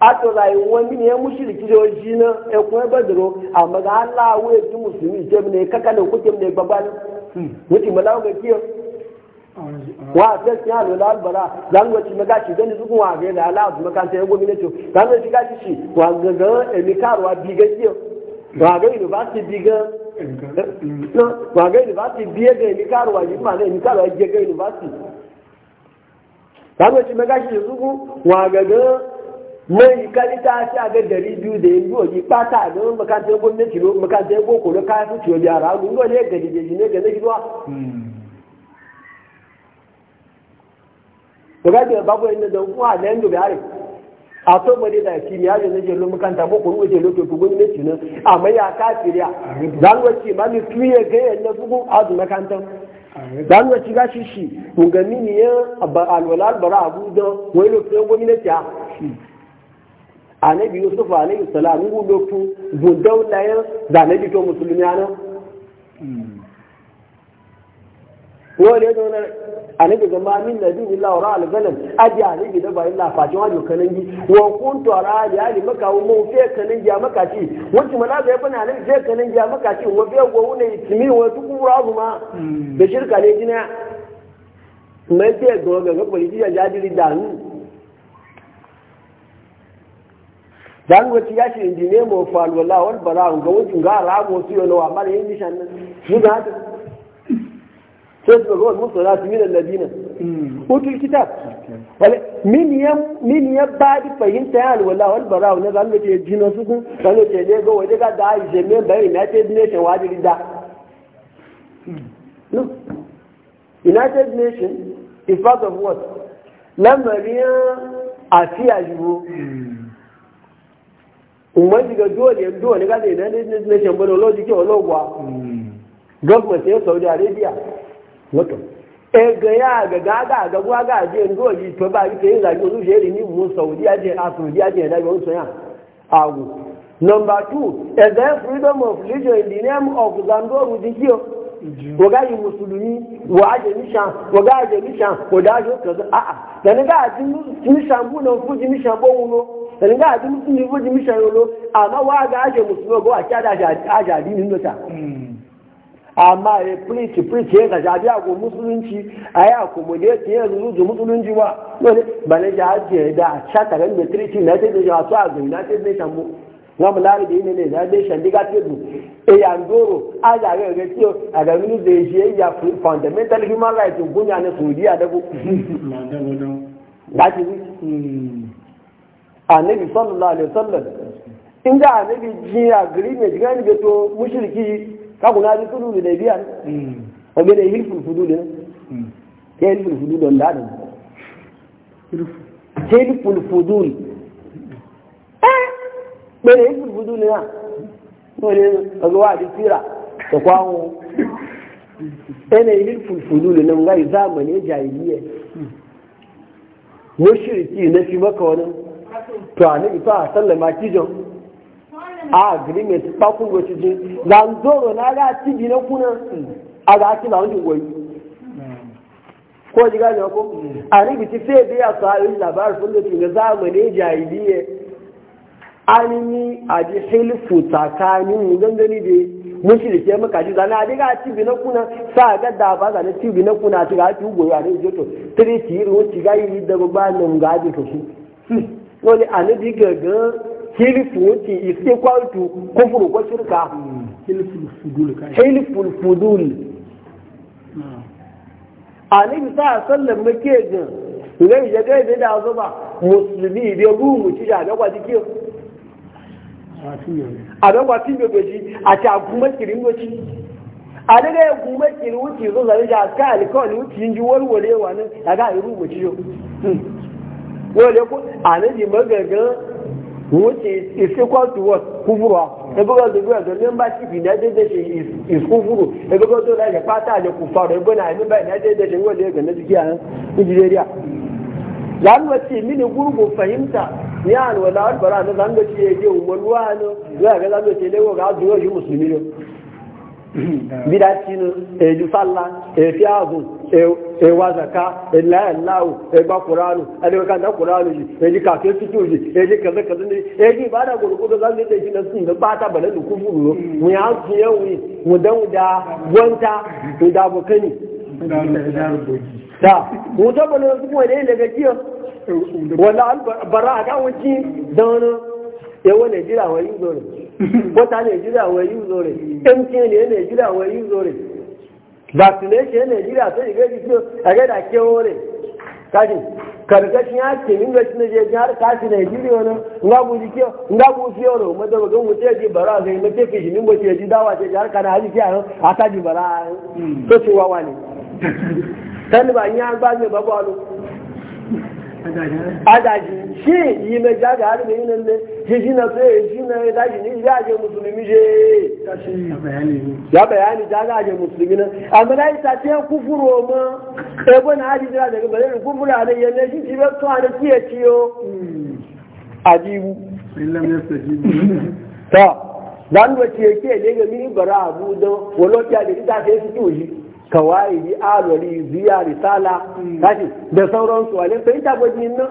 A: ato rayuwar mini ya mushiriki da wani na ya e kuma e badiro amma ga Allah wa yaji e musulmi je ne kaka da kuke ne babal wuce malawa ga kiyo wa sai ya lola albara zan ga ci maga ci gani zuwa wa ga da Allah su makanta ya gomi ne to zan ga ci ga ci wa ga ga e mi bi ga kiyo hmm. wa ga ni ba ci bi ga eh, wa ga ni ba ci bi ga mi karwa ji ma ne mi karwa je ga ni ba ci zan ga ci maga ci zuwa wa ga ga mai kalita shi a ga dari biyu da yin yoji bata a gaban makarantar gwamnati lo makarantar boko na kayan su ciwo yara gun gole ga dijeji ne ga na gidowa to gaji babu yadda da kuma da yadda da yare a to bari da shi ya yi na jelo makaranta boko ruwa jelo to gwamnati ne a mai ya kafiriya zanuwa ce ma ni tuye ga yadda bugu azu makarantar zanuwa ci gashi shi mun ga ya alwala albara abu da wani lokacin gwamnati a anabi yusuf alayhi salam ngu lotu bu layan da nabi to musulmi ana wani da wani anabi ma min na zini laura alganan aji anabi da bayan lafacin wajen kanangi wa kuntu ara ali ali maka wa mu fe kanangi a ci wacce mala ga yafi na anabi fe kanangi a ci. wa be go wune itimi wa duku rabu ma da shirka ne jina mai ce ga ga ga politi ya jadiri da ni dan wati ya shi indine mo fal wala wal bala ga wucin ga rago su yo lawa mara yin nishan nan shi ga haka sai su ga musu da min alladina hmm. utul kitab Wale min ya min ya ba di fahimta ya wala wal bara ne zan ce jino su ku zan ce ne ga waje ga da ai je me bai united nation wajibi da hmm. no united nation is part of what lamarin asiya yiwo mgbe ga dole dole ga zai nan ne na shambana logic yau logwa government ya saudi arabia wato e ga ya ga gaga ga gwa ga je dole to ba ki yin zagi onu ni mu saudi a je e ya number 2 e freedom of religion in the name of waga yi musulmi wa aje nishan waga aje nishan ko da aje kaza a'a da ni ga aje nishan bu na fuji nishan bo wuno da ni ga musulmi fuji nishan yolo amma wa ga aje musulmi go a kada aje nota amma e preach preach ya gaja biya ko musulunci a ya accommodate ya zuzu musulunci ja aje da a na da na tambo wọn bɛ laari bii nene na ne sɛn diga te dun eya ndoro aza yɛ yɛ tiyo a ka mini de zie ya fundamental human rights bonya ne sun di a de ko. lati wi. anabi sallallahu alaihi wa sallam in anabi ji agreement nga ni bɛ to mushriki ka kun na bi tulu de de biya o bɛ de hilful fudu de ne hilful fudu don da de bẹ́ẹ̀ ní ìbùdó ni náà wọ́n ní ọgbọ́n àti tíra ọ̀pọ̀ àwọn ẹnì ìlú fùfùdú ni náà ngáyì záàmù ní ìjà ìlú ẹ̀ wọ́n ṣì tí fi mọ́kà wọn tó à ní ìtọ́ àtọ́lẹ̀ máa tíjọ agreement pákó ló ti dín gbàǹdóró náà rà tíbi kú náà àgbà àti làwọn ti wọ̀ yìí kó o jí àríbi ti fẹ́ẹ̀ bí àtọ́ fún lóṣù ní alimi a ji hilfu tsakanin gangani da mushrike maka ji zane a diga ci bi na kuna sa ga da ba zana ci bi na kuna ci ga ci goyo a ne je to tiri ci ru ci ga yi da ba ne mu ga ji to su wani anabi gaga hilfu ci is equal to kufru ko shirka hmm. hilful fudul kai hilful fudul hmm. anabi sa sallan make ga ngai ya ga da zuba musulmi bai ru mu ci da ga kwaji ke abin kwatin bai a ta kuma kirin gwaci a daga ya kuma kirin wuce zo zane da ka alkawali wuce yin ji warwarewa nan a ga iru gwaci yau wale a nan ji magagan wuce is equal to what kuburwa ya buga da buga fi na ya kufaru ya bana amin na a mini gurgu fahimta ní àrùn ọ̀la ọ̀dùbọ̀rọ̀ àti sáńdọ̀ ti yege òmò lúwà ní lọ́wọ́ ẹ̀fẹ́ sáńdọ̀ ti léwọ̀ ká dúró ju mùsùlùmí lọ. bídà tinu èdè sálà èfi ààbùn èwà zaka èlà ẹ̀láwò ẹgbà kùránù ẹ̀dẹ̀kàndà kùránù yìí èdè kàfẹ́ tútù yìí èdè kẹfẹ́kẹfẹ́ da èdè ìbára gbòdògbòdò sáńdọ̀ ti jìnà sí ìlú pátá bẹ̀rẹ̀ lùkú fúru lọ wọn yà á fi da wí hmm. da, dẹ́wọ̀n dá da ìdàbọ̀kẹ́ni. ta wọn tọ́ wala bara aga wuci don yawo nigeria wa yi zore wata nigeria wa yi zore mtn ya nigeria wa yi zore vaccination nigeria sai ga jikin a ga da kewore kaji karkashin yake min ga shine na jihar kashi nigeria wani nga jike nga bu fiyoro mada ga gan wuce ji bara sai mace fishi min ji dawa ce jihar kana haji a ji bara hmm. to ce wawa ne tani ba yi an ba adaji shi yi mai jaga har mai yinan ne shi na so shi na ya daji ne ya aje musulmi je ya bayani jaga aje musulmi na amma na yi tafiya kufuro ma ebe na hadi jira daga bare kufuro a nan ne shi shi bai tuwa da kiya ciyo ajibu ta zan da ke ke ne ga mini bara abu don wani lokaci da ta fi su shi kawai alwali ziya risala hmm. kashi da su wale sai ta gwaji nan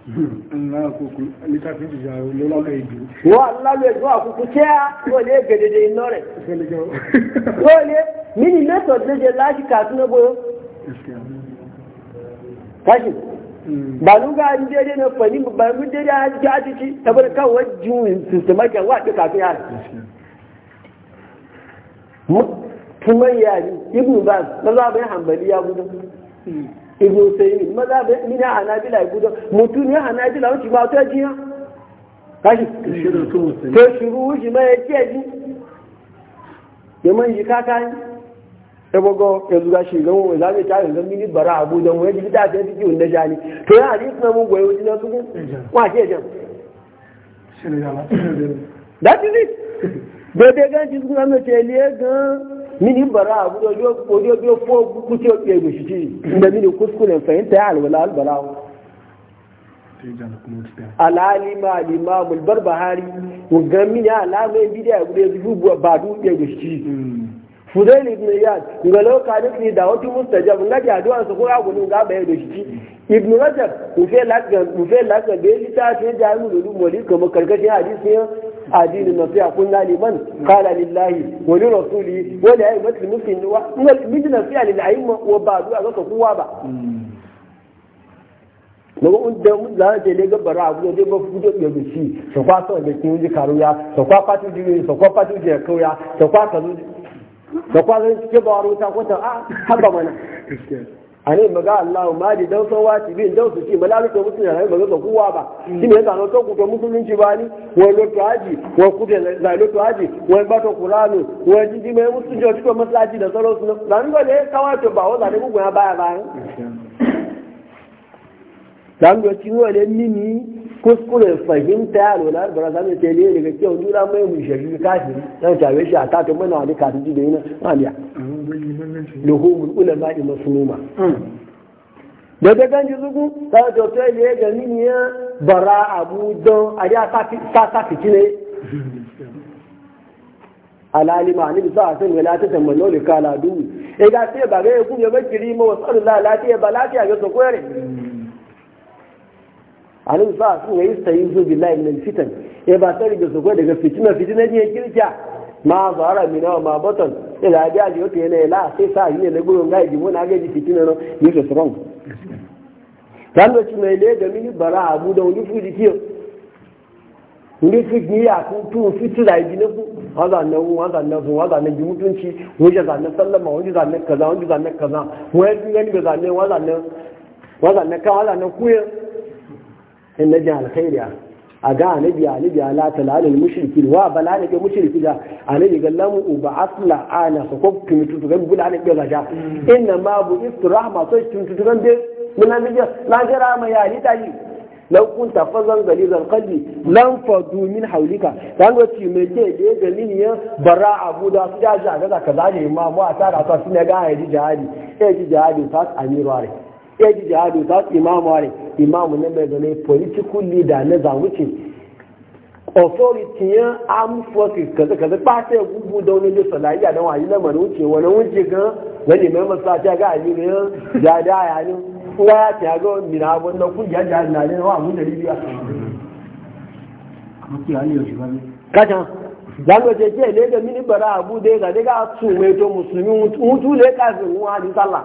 B: wọ́n lọ́lọ́ àkùkù
A: tí a wọ́n lè gẹ̀dẹ̀dẹ̀ iná rẹ̀ wọ́n ne mini mẹ́tọ̀ lẹ́jẹ̀ láti kàtúnú bóyó kashi hmm. baluga an daidai na fani baluga daidai a ci a jiki tabar kawai jiwon sistemakin wa ɗi kafin yara kuma yari ibu baz maza bai hambali ya gudu sai sayyid maza bai mina hanabila ya gudu mutum ne hanabila wuce ba ta jiya kashi ta shiru wuce ma ya ce ji ya man ji kaka ne ya bago ya zuga shi gan wani zame ta yanzu mini bara abu don wani jiki ta fiye fiki wanda jani to ya hadisi na mun goyi wajen su kun wa ke jan that is it daidai gan ci sun amince liye gan mini bara abu da odiyo biyo fo kuce ya gushi ci inda mini kuskuren fahimta ya alwala albala alalima alimamul barbahari wa gamina alamai bidiya guda ya gushi ba duk ya shi. fudail ibn iyad ga lokacin ni da wata mustajab ga ji addu'a su ko agunu ga bayar da shi ibn rajab ku fe lafiya ku fe lafiya da yi ta ce da mu lulu moli kuma karkashi hadisi ne na fiya kun ga man qala lillahi wa li rasuli wa la aymatil muslimin wa min fiya lil aimma wa ba'du du'a ga kuwa ba daga inda mun da ta le gabara abu da ba fudo ya shi so kwa sa da kin ji karuya so kwa fatu ji so kwa fatu ji karuya so kwa kazu da kwazon cike ba ko ta a ah, haka mana a ne maga Allah ma di dan son wati bin dan su ci bala rufe mutum ya rayu ba ga kowa ba shine ne zano to ku to musulunci ba ni wai lotu aji? wa ku da lotu aji? wa ba to qur'anu wa ji ji mai musulunci to masallaci da sauransu nan dan ne kawai to ba wa zane ku ya baya baya eh? zamu ga cin wani mini kuskure fahimta yaro na albara za mu tele daga kyau dura mai mu shi kafi dan tabe shi a tata mana wani kafin ji da yana aliya luhumul ulama masnuma da hmm. ta ganji zugu ta ta ta ne ga mini ya bara abu don a ya sa sa fiti ne alalima ni bisa a san wala ta tambayo le kala du e ga sai ba ga ku ya bakiri ma wasallallahu lafiya ba lafiya ga sokoyare alim sa sun yi sayin su fitan ya ba ta riga su daga fitina fitina ne kirkiya ma zara min wa ma batan ila biya ji wata yana la sai sa yi ne na gurin ga ji mun ga ji fitina no ni to sabon dan da cin ne ga mini bara abu da wani fuji kiyo ni fi ni ya ku tu ji na ku haza na wu haza na zu haza na ji mutunci wuje za na sallama wuje za kaza wuje za na kaza wuje ga ni ga za ne na haza na na kuya in na jin alkhairiya a ga anabi anabi ala talalil mushrikin wa bala ne ga mushriki da anabi ga lamu uba asla ana ko ko tumitu ga bula ne ga ja mm. inna ma bu istirahma so tumitu ga be mun an ga jira ma ya ni tali law kunta fazan galizan qalbi lan fadu min hawlika dan ga ti me ke da ga ni ya bara abu da su ja ja ga kaza ne ma mu a tara ta ne ga ya ji jihadi eh ji jihadi fas amiru alai eji jihadi ta imamu ne imamu ne mai zane political leader na zamuci authority ya armed forces kaza kaza ba ta yi gugu da wani da salariya da wani lamarin wuce wani wuce ga wani mai masata ga ali ne ya da ya ne kuma ya ta ga wani na abun na kungiyar jihadi na ne wa mun da libya kacan zango ce ke ne da mini bara abu da ya ga daga su mai to musulmi mutu ne kafin wani sallah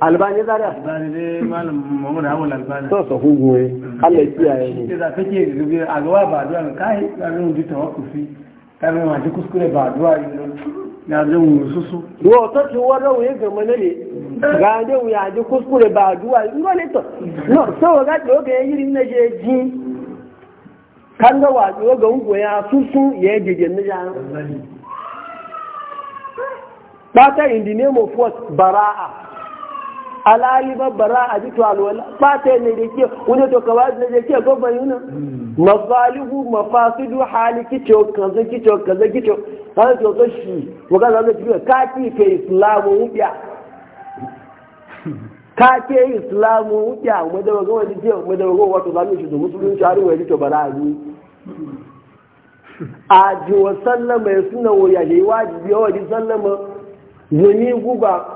A: albani za ne allah kiyaye ne a gaba ba duwa kai da ruwan ji tawakkufi kan ma ji kuskure ba duwa na zan wususu wo to ci wara wuye ga mana ne ga ne wuya ji kuskure ba duwa ngole to no so ga doge yirin na je ji kan ga wa ga ungo ya susu ya jeje na ja Bara'a. alali babbara a jitu alwala fata ne da ke wani to kawai da ke ke gobe yuna hmm. Mafalihu, mafasidu hali kicho kaza kicho kaza kicho kaza kicho kaza shi waga zan ji ka ki ke islamu wuya ka ke islamu wuya mu da waga wani ke mu da wato zamu shi da musulunci har wani to bara ni a ji wa sallama ya suna wa yayi wajibi wa ji sallama zuni guba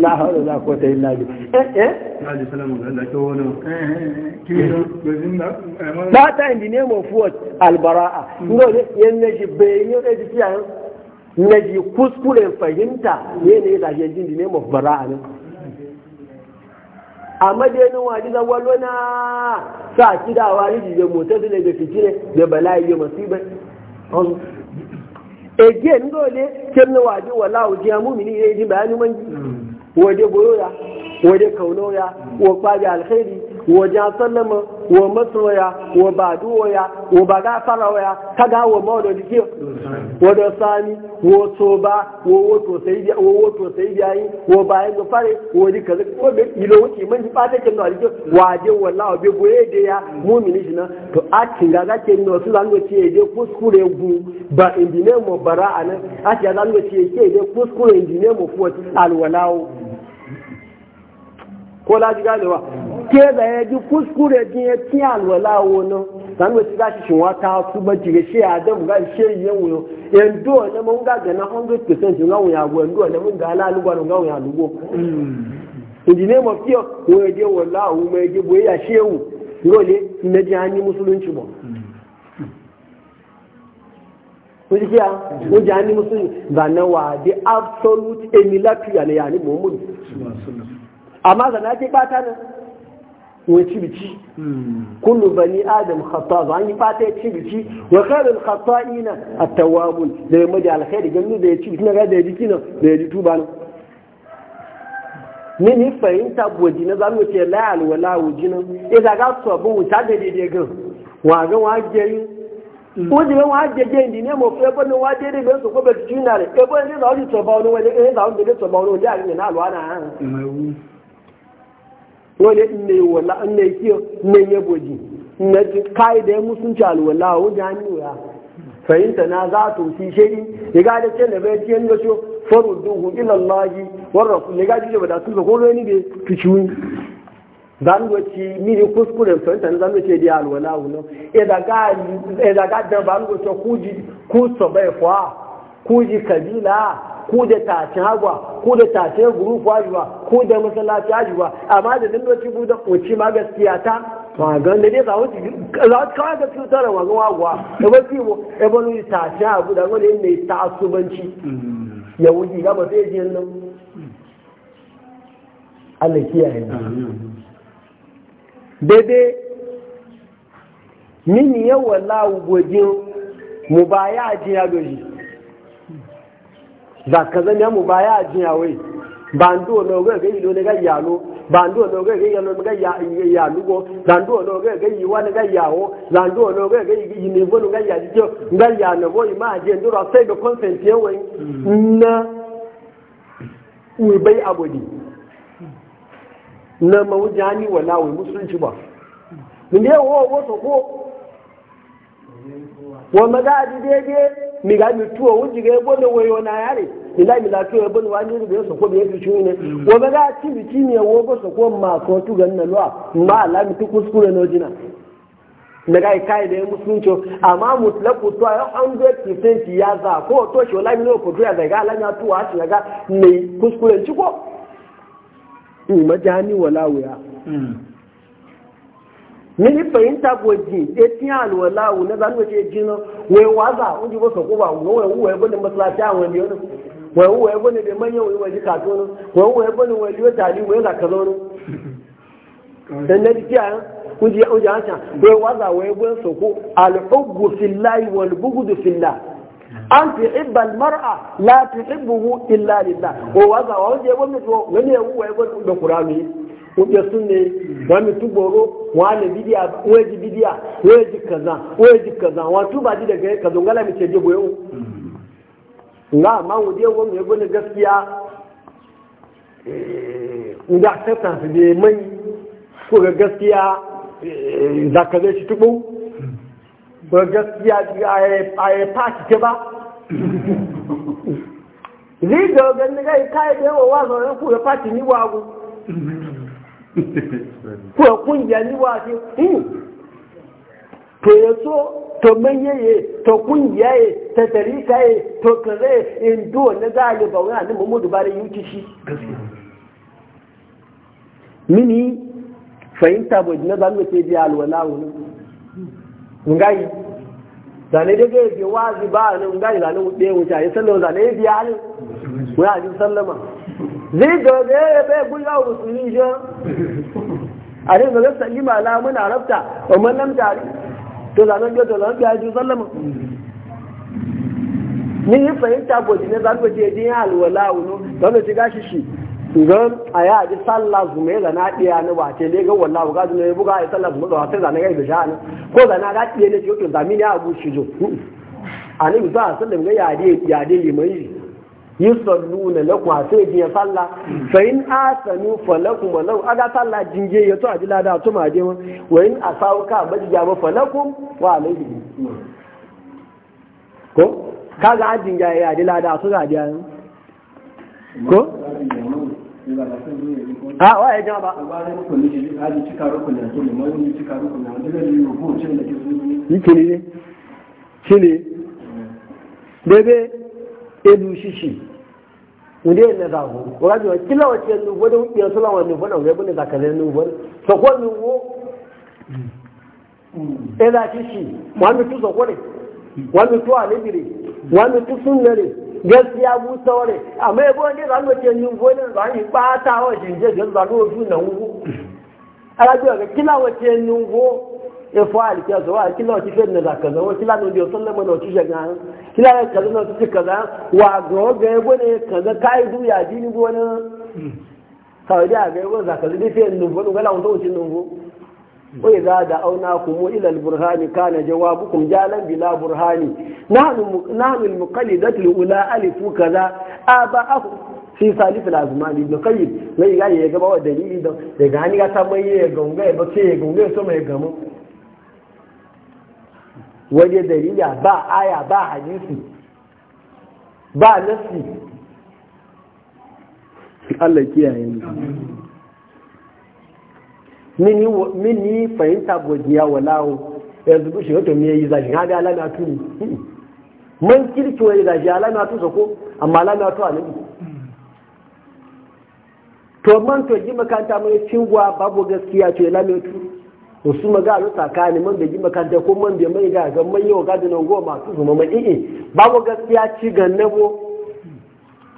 A: la hawla la quwwata illa billah eh eh, eh, eh, eh. ba ta in the name of what albara'a hmm. ngo ne yan ne shi bai ne da jiki a ne ji kuskure fahimta ne ne da yan din the name of bara'a ne amma da yanin waje zan wallo na sa kidawa riji da motar da ga fitine da bala'i ya masibai again dole kin waje wala wuji ya mumini ne ji bayanin mangi hmm. waje goyoya waje kaunoya wa kwaji alkhairi wa jasallama wa masoya wa baduwaya wa baga farawaya kaga wa mawdo dike wa da sani wa toba wa wato sai wa wato sai yayi wa bayan ga fare wa dika ko be ilo wuce man ji fata kin da dike waje wallahi be goye da ya mu'mini shi na to a kin ga zake ni wasu zan go ce de kuskure gu ba indine mo bara anan a ce zan go ce ke de kuskure indine mo fuwa alwalawo ko la ganewa ke da ya ji kuskure jin ya ci alwala wani san wasu za shi shin wata su ya da ga shi ya wuyo en do na na 100% ga wuya go en do na mun ga lalu ga ga wuya lugo injine mo fiyo wo je wallahi mai je boya shehu ngole na a mùsùlùmí amma zana ke bata nan wani cibici kullu bani adam khata ba an yi bata ya bici wa khairul khata'ina at-tawwabun da ya maji alkhairi ganin da ya cibici na da ya jiki nan da ya ji tuba nan ni ni fahimta gwaji na mu ce la alwala wujina idan eh, ga su wuta da daidai gan wa ga wa gari wọ́n ti fẹ́ wọ́n á ní ẹ̀mọ̀ fún ní wọ́n á dédé ìgbẹ́ bẹ̀rẹ̀ tìjú rẹ̀ ẹgbẹ́ ní ìlà ọdún tọ̀bọ̀ ọdún wọlé ẹ̀yìn ìlà ọdún wani? ọdún wọlé àríyìn na alwana wani in ne wala an ne kiyo ne ya boji na kai da musunci alwala wajen hanyoya fahimta na za ta fi shaidi ya ga da cewa bai cikin da so faru duhu ila Allah war rasul ya ga da da tuka ko ne bai tuci dan goci mi ne kuskure fahimta na zamu ce da alwala wuno e da ga e da ga da ku ji ku so bai fa ku ji kabila ko da tashin hagwa ko da tashin gurufu ajiwa ko da masallaci ajiwa amma da nan lokaci buda koci ma gaskiya ta ma da dai za ka ga cutar wa gwa gwa da ba kiwo e ba ni tashin abu da wani ne tasubanci mm. ya wuce ga ba sai jin nan Allah kiyaye mu dede yawa lawo gojin mu baya ajiya zaka zan yamu ba ya ajiya wai bando no ga ga ilo ne ga yalo bando no ga ga yalo ga ya ya lugo bando no ga ga yi wa ne ga yawo bando no ga ga yi ne bo ga ya jijo ga ya no bo ima je ndura sai ga consent ye wai na we bai abodi na mawjani wala wai musulunci ba mun ne wo wo to ko wa magadi daidai mi ga mi tuwo wuji ga ebo na wayo na yare mi la mi la tuwo ebo ne wani ni be so ko be yetu ne wo ga ga ti bi ti ne wo go ma ko ga na lo ma la mi tu kuskure no jina na ga kai da musulunci amma mutlaku to ya 100% ya za ko to shi mi no ko ya ga la mi shi ga ne kuskure ci ko ni majani wala wuya hmm. mini fahimta bụ ji e tiya alwala wu na zanu ce jino we waza un ji boso ko ba wo we wo ebo ta ono we manyo we we liyo tali we no dan ne tiya un un we waza we al hubbu fillahi wal bughdu fillah an al mar'a la illa lillah waza wa kuɗe sunne ne wa mi tu goro wa ne bidiya wa ji bidiya wa kaza wa ji kaza wa tu ba ji ga kaza ngala mi ce je boyo Na ma wo de wo ne gona gaskiya eh, nda acceptance de mai ko ga gaskiya eh, za ka zai shi tubu ba gaskiya a yi fashi ke ba zai ga ganin kai kai da yawa wa ne ku da fashi ni wagu
B: ko
A: kungiya ni wa ce hmm. to ya so to manyaye to ye ta ye to kare za na yi ba wani muhammadu bare yuki shi mini fahimta bai na zanu ce biya alwala wani ngai zane da ga yi wazi ba nan ngai zane wuce wuce ya sallama zane ya biya alin wani ajin sallama zai ga ya bai gulla wa musulmi shi a ne ga zasta yi mala muna rafta wa mallam tare to zanen biyo to zanen biya ji sallama ni yi fahimta ko ne zanen ko ce din alwala wuno don da shiga shi shi don a yi aji sallah su mai zana ɗiya na wace ne ga wallah buga su ne buga a yi sallah su mai zana sai zana ga ibi sha'ani ko zana ga ɗiya ne ce to zamini a gushi zo a ne bisa a sallam ga yade yade liman yi Yi sallu na yusalluna a sai jin ya salla fa in asanu falakum wa law aga salla jinje ya to ajila da to maje ma wa in asauka bajiya ba falakum wa alayhi ko ka kaga ajin ya a ajila da su ga dia ko a wa ya jama ba ne ne bebe edu shishi wunde ne da ho wala jo kila wace nu bodo ya sala wa nu bodo webo ne da kale nu bodo so ko nu wo shishi wa mi tu so ko ne wa mi tu ale dire wa tu sun ne gaskiya bu saure amma yabo ne da wace nu bodo ba ni ba ta wa jinje ga da lu na wu ala jo kila wace nu wo efo alikiyasu wa kila ti fe nila kaza wa kila no dio sallama no ti kila ya kaza ti kaza wa go ga kaza a ga ebo za kaza ni fe no ti no go wa idza da'awnakum ila al-burhan kana jawabukum jalan bila burhani nahnu nahnu alifu kaza aba aku fi salif ibn ga ya ba dalili da ga ta mai ya ya mai gamu wani dalila ba aya ba hadisi ba nasi Allah kiyaye ni mini fahimta godiya walahu yanzu bushe wato me yi zashi ha da alama tu ne man kirki wani zashi alama tu sako amma alama tu alabi to man to ji makanta mai cingwa babu gaskiya to lamai tu wasu maga a lusa kani man bai makaranta ko man bai mai ga man yau ga da goma masu zuma mai i'i babu gaskiya ci ga nabo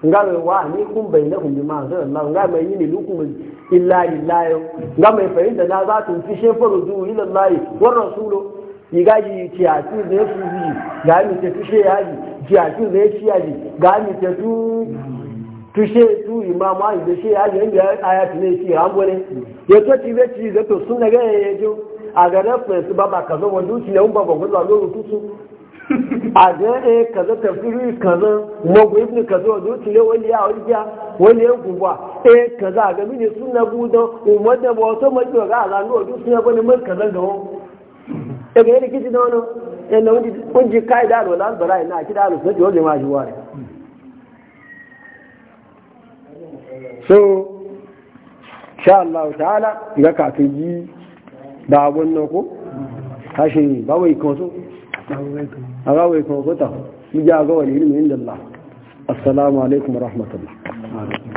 A: nga mai wa ni kun bai na kun bi ma zan Allah nga mai yini lukum illa lillahi nga mai da na za ta fi shefar zuwa ila Allah wa rasulu igaji ci a ci zai su yi ga mi ta fi shi yaji ci a ci zai ci yaji ga mi ta tu tu she tu imamu ayi da she ayi inda ayat ne shi ya to ti beti da to sun daga ya jo a ga reference baba kaza wanda shi ne e e un baba gwaza lo rututu a ga e kaza tafsiri kaza mago kaza wanda shi ne wani ya wali ya wali ya kaza ga mini suna ba mai ga ji da da so sha Allah ta'ala ga kafin yi ba wannan ko tashi ba wai kan so a ga wai kan ko ta mu ga ga wani ilmi inda Allah assalamu alaikum wa rahmatullah